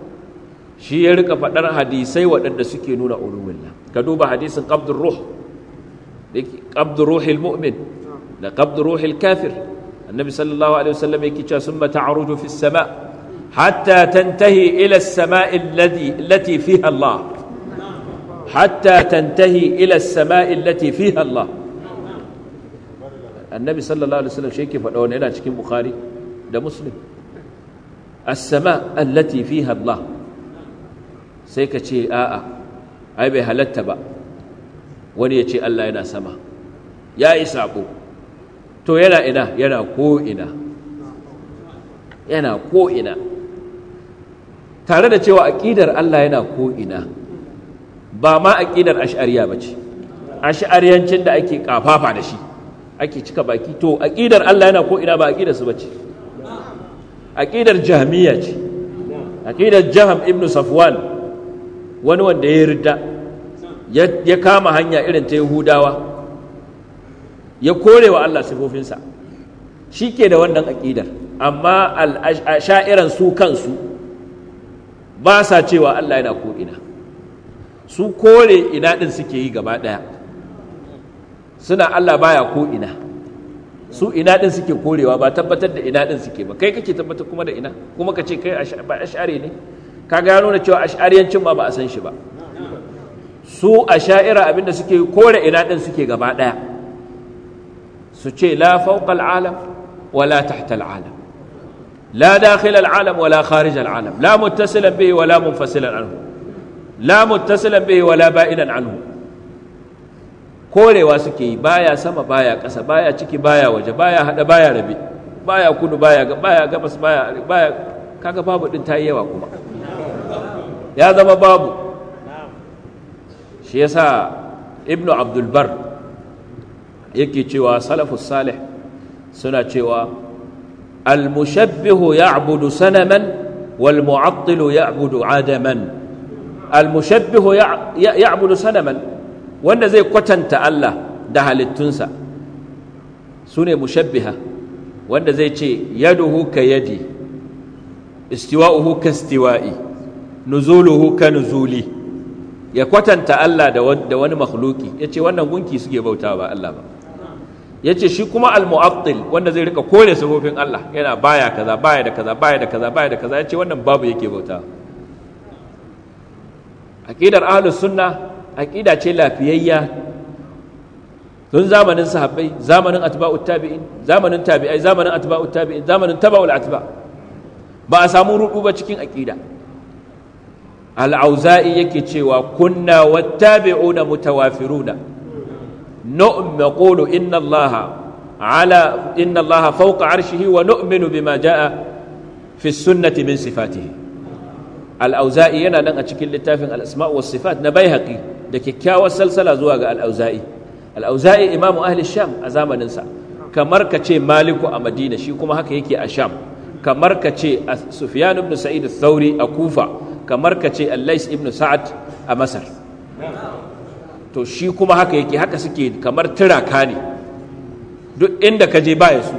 shi ya rika faɗar hadisai waɗanda suke nuna uluwillah ka duba hadisin qabdur ruh qabdur ruhil mu'min da qabdur ruhil kafir annabi sallallahu alaihi wa sallam yake cewa summa ta'ruju fis sama hatta tantahi ila as-sama'i allati fiha Allah hatta tantahi ila as-sama'i Allah annabi sallallahu alaihi wasallam shi yake faɗa wannan yana cikin bukhari da muslim as-sama' allati Allah sai ka ce a'a ai bai halatta ba wani ya ce Allah yana sama ya yi sabo to yana ina yana ko ina yana ko ina tare da cewa aƙidar Allah yana ko ina ba ma aqidar ash'ariya ce ash'ariyancin da ake kafafa da shi ake cika baki to aƙidar Allah yana ko ina ba aƙidar su ce. Aƙidar jahmiya ce aƙidar jaham Ibn safwan wani wanda ya ridda ya kama hanya irin ta yahudawa ya kore wa Allah sifofinsa shi ke da wannan aƙidar amma a su kansu ba sa cewa Allah yana ko ina. su kore ina ɗin suke yi gaba ɗaya suna Allah baya ko ina su ina ɗin suke korewa ba tabbatar da ina ɗin suke ba kai kake tabbatar kuma da ina kuma ka ce kai ba ash'ari ne ka gano da cewa ash'ariyancin ma ba a san shi ba su a sha'ira abinda suke kore ina ɗin suke gaba ɗaya su ce la fawqa alam wa la tahta al'alam la dakhil alam wa la kharij al'alam la muttasilan bihi wa la munfasilan anhu la muttasilan bihi wala ba'idan anhu korewa suke yi baya sama baya ƙasa baya ciki baya waje baya hada baya rabe baya kudu baya baya gabas baya baya kaga babu din yawa kuma ya zama babu shi yasa ibnu abdul bar yake cewa salafus salih suna cewa al mushabbihu ya'budu sanaman wal mu'attilu ya'budu adaman almushabbihu ya'budu sanaman wanda zai kwatanta Allah da halittunsa su ne mushabbiha wanda zai ce yaduhu ka yadi istiwa'uhu ka istiwa'i nuzuluhu ka nuzuli ya kwatanta Allah da wani makhluki ya ce wannan gunki suke bauta ba Allah ba ya ce shi kuma al-mu'attil wanda zai rika kore sabobin Allah yana baya kaza baya da kaza baya da kaza baya da kaza ya ce wannan babu yake bauta aqidar ahlus sunna aqida ce lafiyayya tun zamanin sahabbai zamanin atba'ut tabi'in zamanin tabi'ai zamanin atba'ut tabi'in zamanin tabaul atba ba a samu rudu ba cikin aqida al-auza'i yake cewa kunna wattabi'una mutawafiruna nu'min naqulu inna allaha على إن الله فوق عرشه ونؤمن بما جاء في السنة من صفاته al'auza'i yana nan a cikin littafin al-asma' sifat na baihaqi da kyakkyawar salsala zuwa ga al'auza'i. al'auza'i imamu ahli sham a zamanin sa kamar ka ce maliku a madina shi kuma haka yake a sham kamar ka ce sufyan ibn sa'id al a kufa kamar ka ce al ibn sa'ad a masar to shi kuma haka yake haka suke kamar tiraka ne duk inda ka je baya su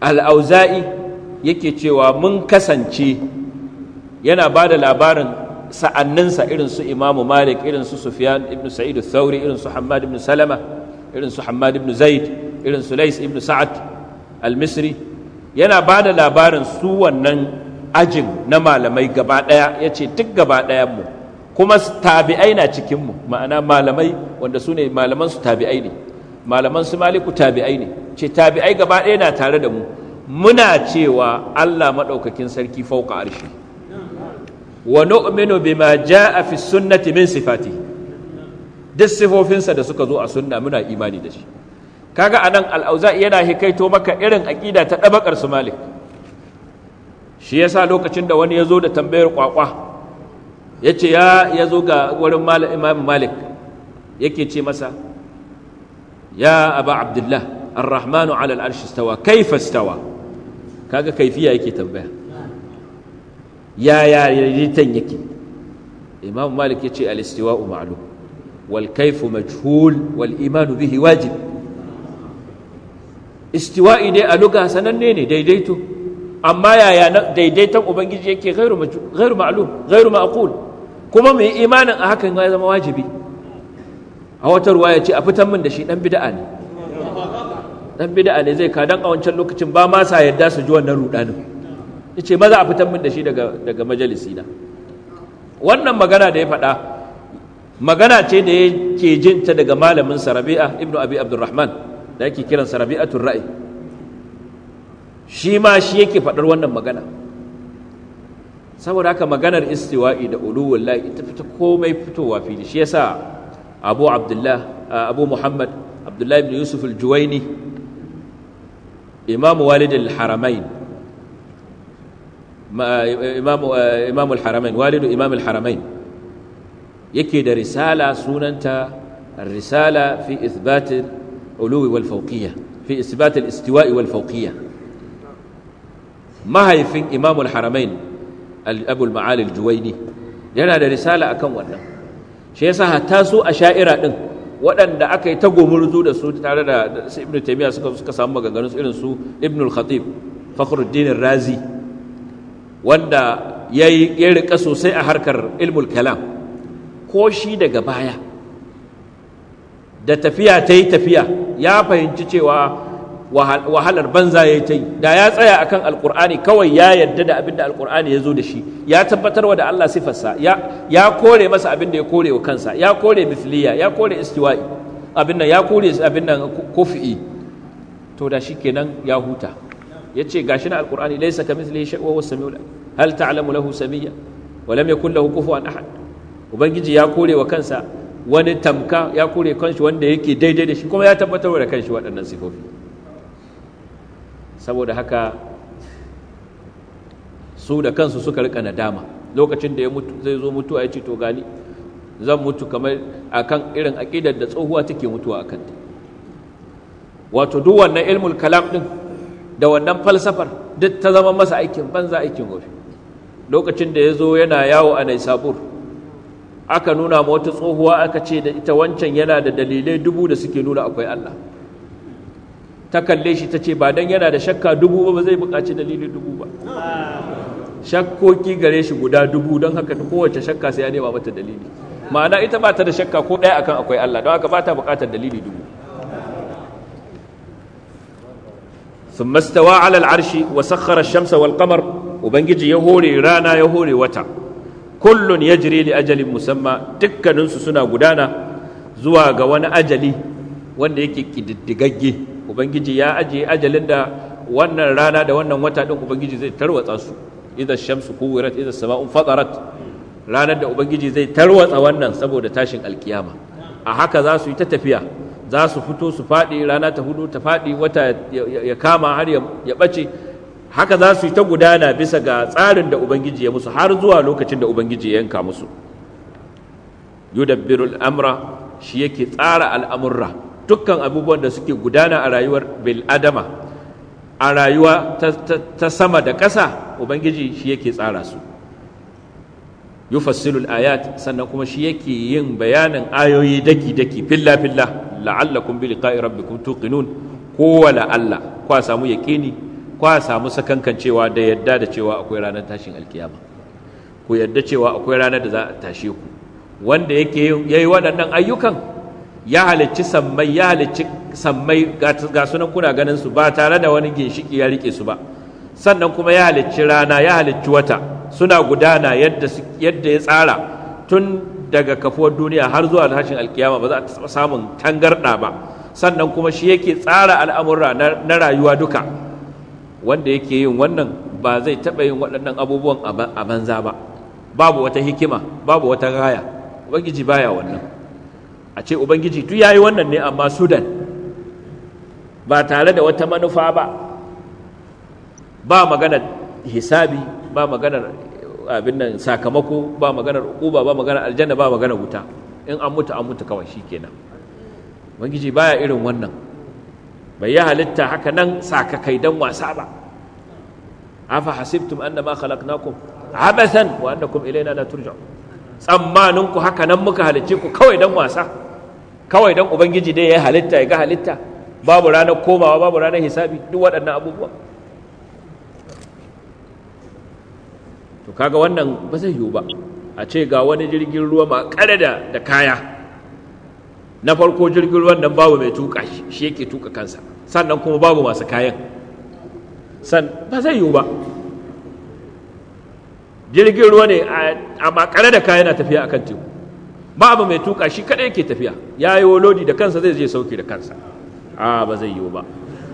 al'auza'i yake cewa mun kasance yana ba da labarin sa'anninsa irin su imamu malik irin su sufyan ibn sa'id thauri irin su hammad ibn salama irin su hammad ibn zaid irin su lais ibn sa'ad al-misri yana ba da labarin su wannan ajin na malamai gaba daya yace duk gaba ɗayan mu kuma tabi'ai na cikinmu ma'ana malamai wanda su ne malaman su tabi'ai ne malaman su maliku tabi'ai ne ce tabi'ai gaba daya na tare da mu muna cewa allah maɗaukakin sarki fauka arshi Wani nu'minu bima jaa fi sunnati min sifati duk sifofinsa da suka zo a sunna muna imani da shi kaga anan al-auza'i yana hikaito maka irin aƙida ta dabakar su malik shi yasa lokacin da wani ya zo da tambayar kwakwa ya ce ya zo ga wurin imam malik yake ce masa ya aba abdullah ar-rahmanu ala al-arshi stawa kaifa stawa kaga kaifiya yake tambaya Ya ya riddan yake imam malik ya ce al'istiwa ma'lum wal kaifu majhul wal imanu bihi wajib istiwa'i ne a luga sananne ne daidaito amma yaya daidaiton ubangiji yake ghairu ma'lum ghairu ma'qul kuma mai imanin a hakan ya zama wajibi a wata ruwaya ce a fitan min da shi dan bid'a ne dan bid'a ne zai ka dan a wancan lokacin ba ma sa yadda su ji wannan rudanin ce maza a fitar min da shi daga majalisi na wannan magana da ya faɗa magana ce da ya ke jinta daga malamin sarabi'a ibnu abi abdurrahman da yake kiran tun ra'i shi ma shi yake faɗar wannan magana saboda haka maganar istiwa'i da uluwun la'i ita fita komai fitowa fili shi yasa abu abdullah abu muhammad abdullah ibn yusuf al-juwaini imamu walid haramain Eh, imam eh, al walidu imam al yake da risala sunanta risala fi ithbat istiwai wal fawqiyya mahaifin imam al-haramain juwaini yana da risala akan wannan shi yasa hatta su a sha'ira din waɗanda aka yi ta da su tare da ibn taymiya suka suka samu maganganun irin su ibnu al-khatib fakhruddin razi wanda ya rika sosai a harkar ilmul kalam ko shi daga baya da tafiya ta yi tafiya ya fahimci cewa wahalar banza ya yi ta yi da ya tsaya akan alkur'ani kawai ya yarda da abin da alkur'ani ya zo da shi ya tabbatarwa da Allah sifarsa ya kore masa abin da ya kore wa kansa ya kore mithliya ya kore istiwa'i abin nan ya kore abin nan kofi'i to da shi kenan ya huta yace gashi na alqur'ani laysa kamithlihi shay'un wa huwa samiul hal ta'lamu lahu samiyya wa lam yakul lahu kufuwan ahad ubangiji ya kore wa kansa wani tamka ya kore kanshi wanda yake daidai da shi kuma ya tabbatar da kanshi waɗannan sifofi saboda haka su da kansu suka rika nadama lokacin da ya mutu zai zo mutuwa ya ce to gani zan mutu kamar akan irin aƙidar da tsohuwa take mutuwa akan ta wato duk wannan ilmul kalam din da wannan falsafar duk ta zama masa aikin banza aikin gobe lokacin da ya zo yana yawo a naisabur aka nuna ma wata tsohuwa aka ce da ita wancan yana da dalilai dubu da suke nuna akwai Allah ta kalle shi ta ce ba dan yana da shakka dubu ba zai buƙaci dalilin dubu ba shakkoki gare shi guda dubu don haka kowace shakka sai ya nema mata dalili ma'ana ita ba ta da shakka ko ɗaya akan akwai Allah don haka ba ta buƙatar dalili dubu ثم استوى على العرش وسخر الشمس والقمر وبنجي يهوري رانا يهوري وتا كل يجري لأجل مسمى تكا ننسو سنة قدانا زوا قوانا أجلي wanda yake kididdigagge ubangiji ya ajiye ajalin da wannan rana da wannan wata din ubangiji zai tarwatsa su idan shamsu kuwirat idan sama'un fatarat ranar da ubangiji zai tarwatsa wannan saboda tashin alkiyama a haka za su yi ta tafiya za su fito su faɗi rana ta hudu ta faɗi wata ya kama har ya ɓace haka za su yi ta gudana bisa ga tsarin da ubangiji ya musu har zuwa lokacin da ubangiji ya yanka musu yudabbirul amra shi yake tsara al'amurra dukkan abubuwan da suke gudana a rayuwar bil adama a rayuwa ta sama da ƙasa ubangiji shi yake tsara su yufassilu al-ayat sannan kuma shi yake yin bayanin ayoyi daki daki filla filla la'allakum bi liqa'i rabbikum tuqinun ko wala Allah a samu yaqini a samu cewa da yadda da cewa akwai ranar tashin alkiyama ku yadda cewa akwai ranar da za a tashe ku wanda yake yayi waɗannan ayyukan ya halicci sammai ya halicci sammai ga sunan kuna ganin su ba tare da wani ginshiki ya rike su ba sannan kuma ya halicci rana ya halicci wata suna gudana yadda ya tsara tun daga kafuwar duniya har zuwa tashin alkiyama ba za a taɓa samun tangarɗa ba sannan kuma shi yake tsara al'amura na rayuwa duka wanda yake yin wannan ba zai taɓa yin waɗannan abubuwan a banza ba babu wata hikima babu wata gaya ubangiji baya wannan a ce ubangiji duk yayi wannan ne amma sudan ba tare da wata manufa ba ba magana hisabi ba maganar abin nan sakamako ba maganar uba ba maganar aljanna ba maganar wuta in an mutu an mutu kawai shikenan ubangiji baya irin wannan bai ya halitta haka nan sakakai dan wasa ba afa hasibtum annama khalaqnakum abathan wa annakum ilaina la turja'un tsammanin ku haka nan muka halicce ku kawai dan wasa kawai dan ubangiji dai ya halitta ya ga halitta babu ranar komawa babu ranar hisabi duk waɗannan abubuwa to kaga wannan ba zai yiwu ba a ce ga wani jirgin ruwa ma kare da da kaya na farko jirgin ruwan nan babu mai tuka shi shi yake tuka kansa sannan kuma babu masu kayan san ba zai yiwu ba jirgin ruwa ne a makare da kaya na tafiya akan teku ba abu mai tuka shi kadai yake tafiya ya yi lodi da kansa zai je sauki da kansa a ba zai yiwu ba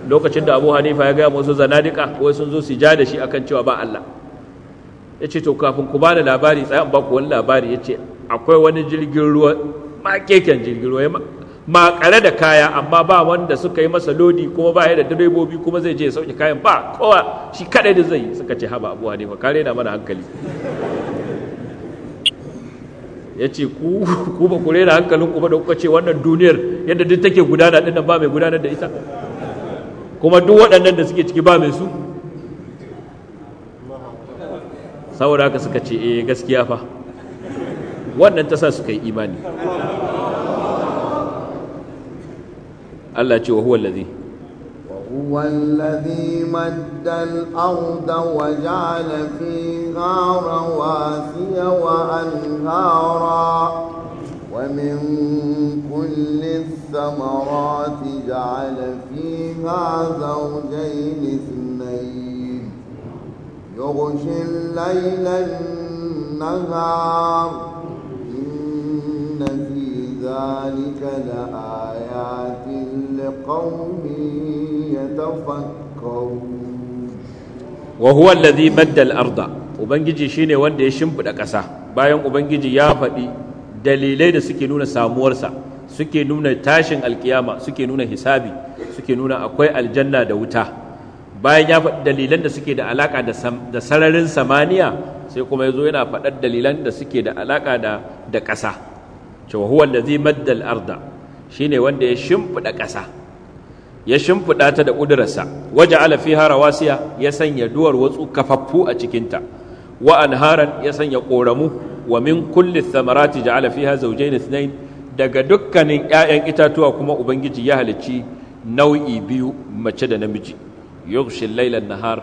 lokacin da abu hanifa ya gaya musu zanadika wai sun zo su ja da shi akan cewa ba allah ya ce to kafin ku bani labari tsayan ba ku wani labari ya ce akwai wani jirgin ruwa ma keken jirgin ruwa ma kare da kaya amma ba wanda suka yi masa lodi kuma ba ya da direbobi kuma zai je ya sauke kayan ba kowa shi kadai da zai suka ce haba abuwa ne kare na mana hankali ya ce ku ba ku rena hankalin ku ba da kuka ce wannan duniyar yadda duk take gudana din ba mai gudanar da ita kuma duk waɗannan da suke ciki ba mai su saboda haka suka ce eh gaskiya fa wannan ta sa suka yi imani Allah ce wa huwa allazi هو الذي مد الأرض وجعل فيها رواسي وأنهارا ومن كل الثمرات جعل فيها زوجين اثنين يغشي الليل النهار إن في ذلك لآيات لقوم يتفكرون وهو الذي مد الأرض ubangiji shine wanda ya shimfiɗa ƙasa bayan ubangiji ya faɗi dalilai da suke nuna samuwarsa suke nuna tashin alkiyama suke nuna hisabi suke nuna akwai aljanna da wuta bayan ya faɗi dalilan da suke da alaƙa da sararin samaniya sai kuma ya zo yana faɗar dalilan da suke da alaƙa da ƙasa cewa huwan da zai maddal arda shine wanda ya shimfiɗa ƙasa ya shimfiɗa ta da ƙudurarsa waje hara wasiya ya sanya duwar watsu kafaffu a cikinta wa haran ya sanya ƙoramu wa min kulli thamarati ja'ala fiha zawjayn ithnayn daga dukkanin 'ya'yan itatuwa kuma ubangiji ya halicci nau'i biyu mace da namiji Yaushe lailan nahar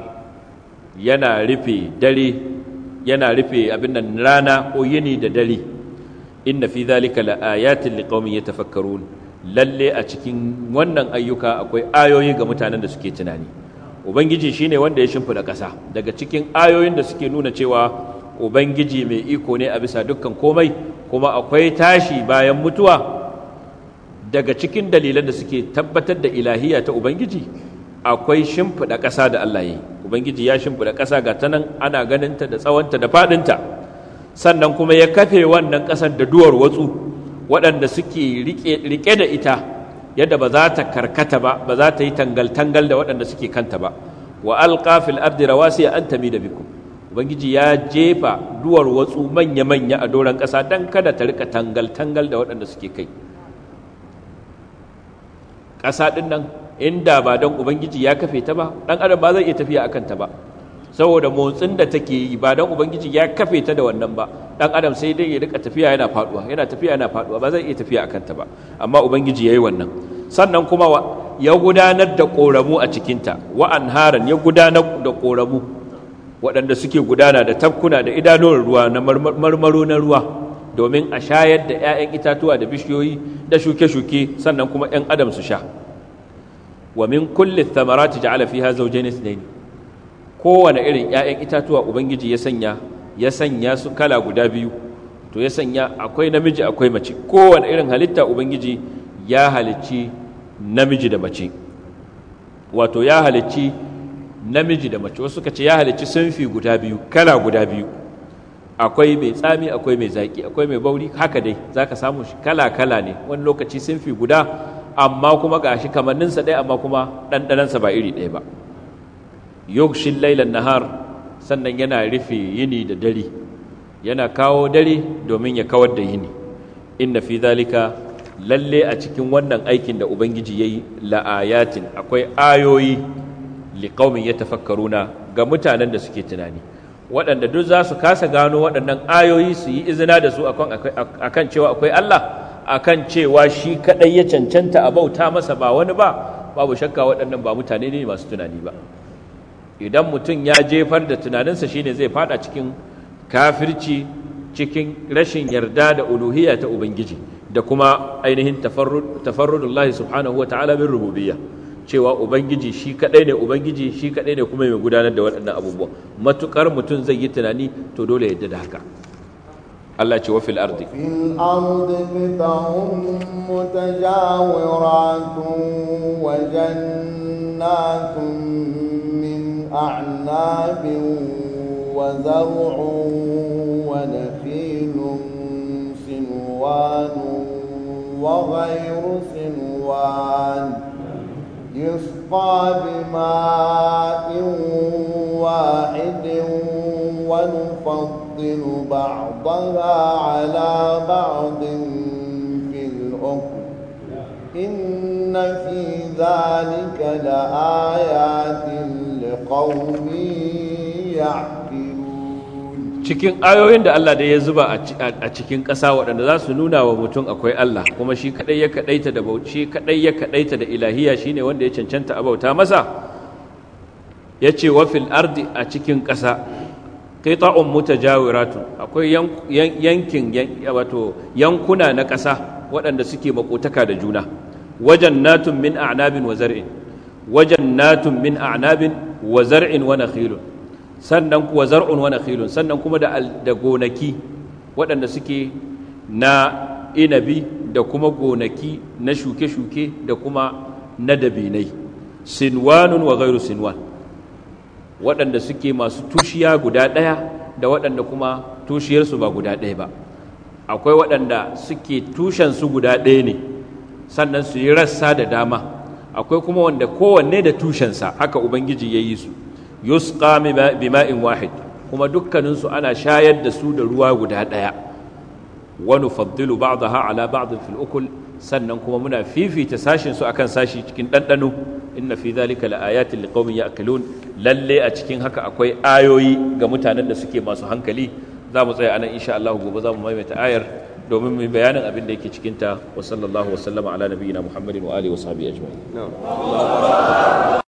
yana rufe dare yana rufe abin nan rana ko yini da dare inna fi dhalika laayatin liqaumin yatafakkarun lalle a cikin wannan ayyuka akwai ayoyi ga mutanen da suke tunani ubangiji shine wanda ya shimfida kasa. daga cikin ayoyin da suke nuna cewa ubangiji mai iko ne a bisa dukkan komai kuma akwai tashi bayan mutuwa daga cikin dalilan da suke tabbatar da ilahiya ta ubangiji akwai shimfiɗa ƙasa da Allah yi ubangiji ya shimfiɗa ƙasa ga ta nan ana ganinta da tsawonta da faɗinta sannan kuma ya kafe wannan ƙasar da duwar watsu waɗanda suke riƙe da ita yadda ba za ta karkata ba ba za ta yi tangal-tangal da waɗanda suke kanta ba wa alƙafil ardi rawasi an tami da bikum ubangiji ya jefa duwar watsu manya-manya a doron ƙasa don kada ta rika tangal-tangal da waɗanda suke kai ƙasa ɗin nan inda ba don ubangiji ya kafe ta ba dan adam ba zai iya tafiya akan ta ba saboda motsin da take yi ba don ubangiji ya kafe ta da wannan ba dan adam sai dai ya rika tafiya yana faduwa yana tafiya yana faduwa ba zai iya tafiya akan ta ba amma ubangiji yayi wannan sannan kuma ya gudanar da koramu a cikinta wa anharan ya gudanar da koramu waɗanda suke gudana da tafkuna da idanun ruwa na marmaro na ruwa domin a shayar da 'ya'yan itatuwa da bishiyoyi da shuke-shuke sannan kuma 'yan adam su sha wa min kulli thamarati ja'ala fiha zawjayn ithnayn kowane irin 'ya'yan itatuwa ubangiji ya sanya ya sanya su kala guda biyu to ya sanya akwai namiji akwai mace kowane irin halitta ubangiji ya halicci namiji da mace wato ya halicci namiji da mace wasu kace ce ya halicci sunfi guda biyu kala guda biyu akwai mai tsami akwai mai zaki akwai mai bauri haka dai zaka samu shi kala kala ne wani lokaci sunfi guda amma kuma ga shi kamanninsa ɗaya amma kuma ɗanɗanansa ba iri ɗaya ba yogshin lailan nahar sannan yana rufe yini da dare yana kawo dare domin ya kawar da yini inda fi zalika lalle a cikin wannan aikin da ubangiji ya yi la'ayatin akwai ayoyi ya tafakkaruna ga mutanen da suke tunani waɗanda duk za su kasa gano waɗannan ayoyi su yi izina da su akan cewa akwai Allah a kan cewa shi kaɗai ya cancanta a bauta masa ba wani ba babu shakka waɗannan ba mutane ne masu tunani ba idan mutum ya jefar da tunaninsa shine zai fada cikin kafirci cikin rashin yarda da uluhiyya ta ubangiji da kuma ainihin tafarrudullahi subhanahu wata'ala bin rububiyya cewa ubangiji shi kadai ne ubangiji shi kadai ne kuma mai gudanar da waɗannan abubuwa matukar mutum zai yi tunani to dole ya yarda da haka الله تشوف في الأرض في الأرض قطع متجاورات وجنات من أعناب وزرع ونخيل صنوان وغير صنوان يسقى بماء واحد ونفضل نفضل بعضها على بعض في الأكل إن في ذلك لآيات لقوم يعقلون cikin ayoyin da Allah dai ya zuba a cikin ƙasa waɗanda za su nuna wa mutum akwai Allah kuma shi kaɗai ya kaɗaita da bauchi kaɗai ya kaɗaita da ilahiya shine wanda ya cancanta a bauta masa ya ce wa fil ardi a cikin ƙasa qita'un mutajawiratun akwai yankin wato yankuna na ƙasa waɗanda suke makotaka da juna wajen natun min a'nabin wa zar'in natun min a'nabin wa zar'in wa nakhilun sannan kuwa zar'un wa nakhilun sannan kuma da da gonaki waɗanda suke na inabi da kuma gonaki na shuke-shuke da kuma na dabinai sinwanun wa ghairu sinwan waɗanda suke masu tushiya guda ɗaya da waɗanda kuma tushiyarsu ba guda ɗaya ba akwai waɗanda suke tushensu guda ɗaya ne sannan su yi rassa da dama akwai kuma wanda kowanne da tushensa haka ubangiji ya yi su yusqa bima'in wahid kuma dukkaninsu ana shayar da su da ruwa guda ɗaya wani faddilu ba'daha ala ba'din fil ukul sannan kuma muna fifita sashin su akan sashi cikin ɗanɗano inna fi dhalika laayatin liqaumin ya'qilun lalle a cikin haka akwai ayoyi ga mutanen da suke masu hankali za mu tsaya anan insha Allah gobe za mu maimaita ayar domin mu bayanin abin da yake cikin ta wa sallallahu wa sallama ala nabiyina muhammadin wa alihi wa sahbihi ajma'in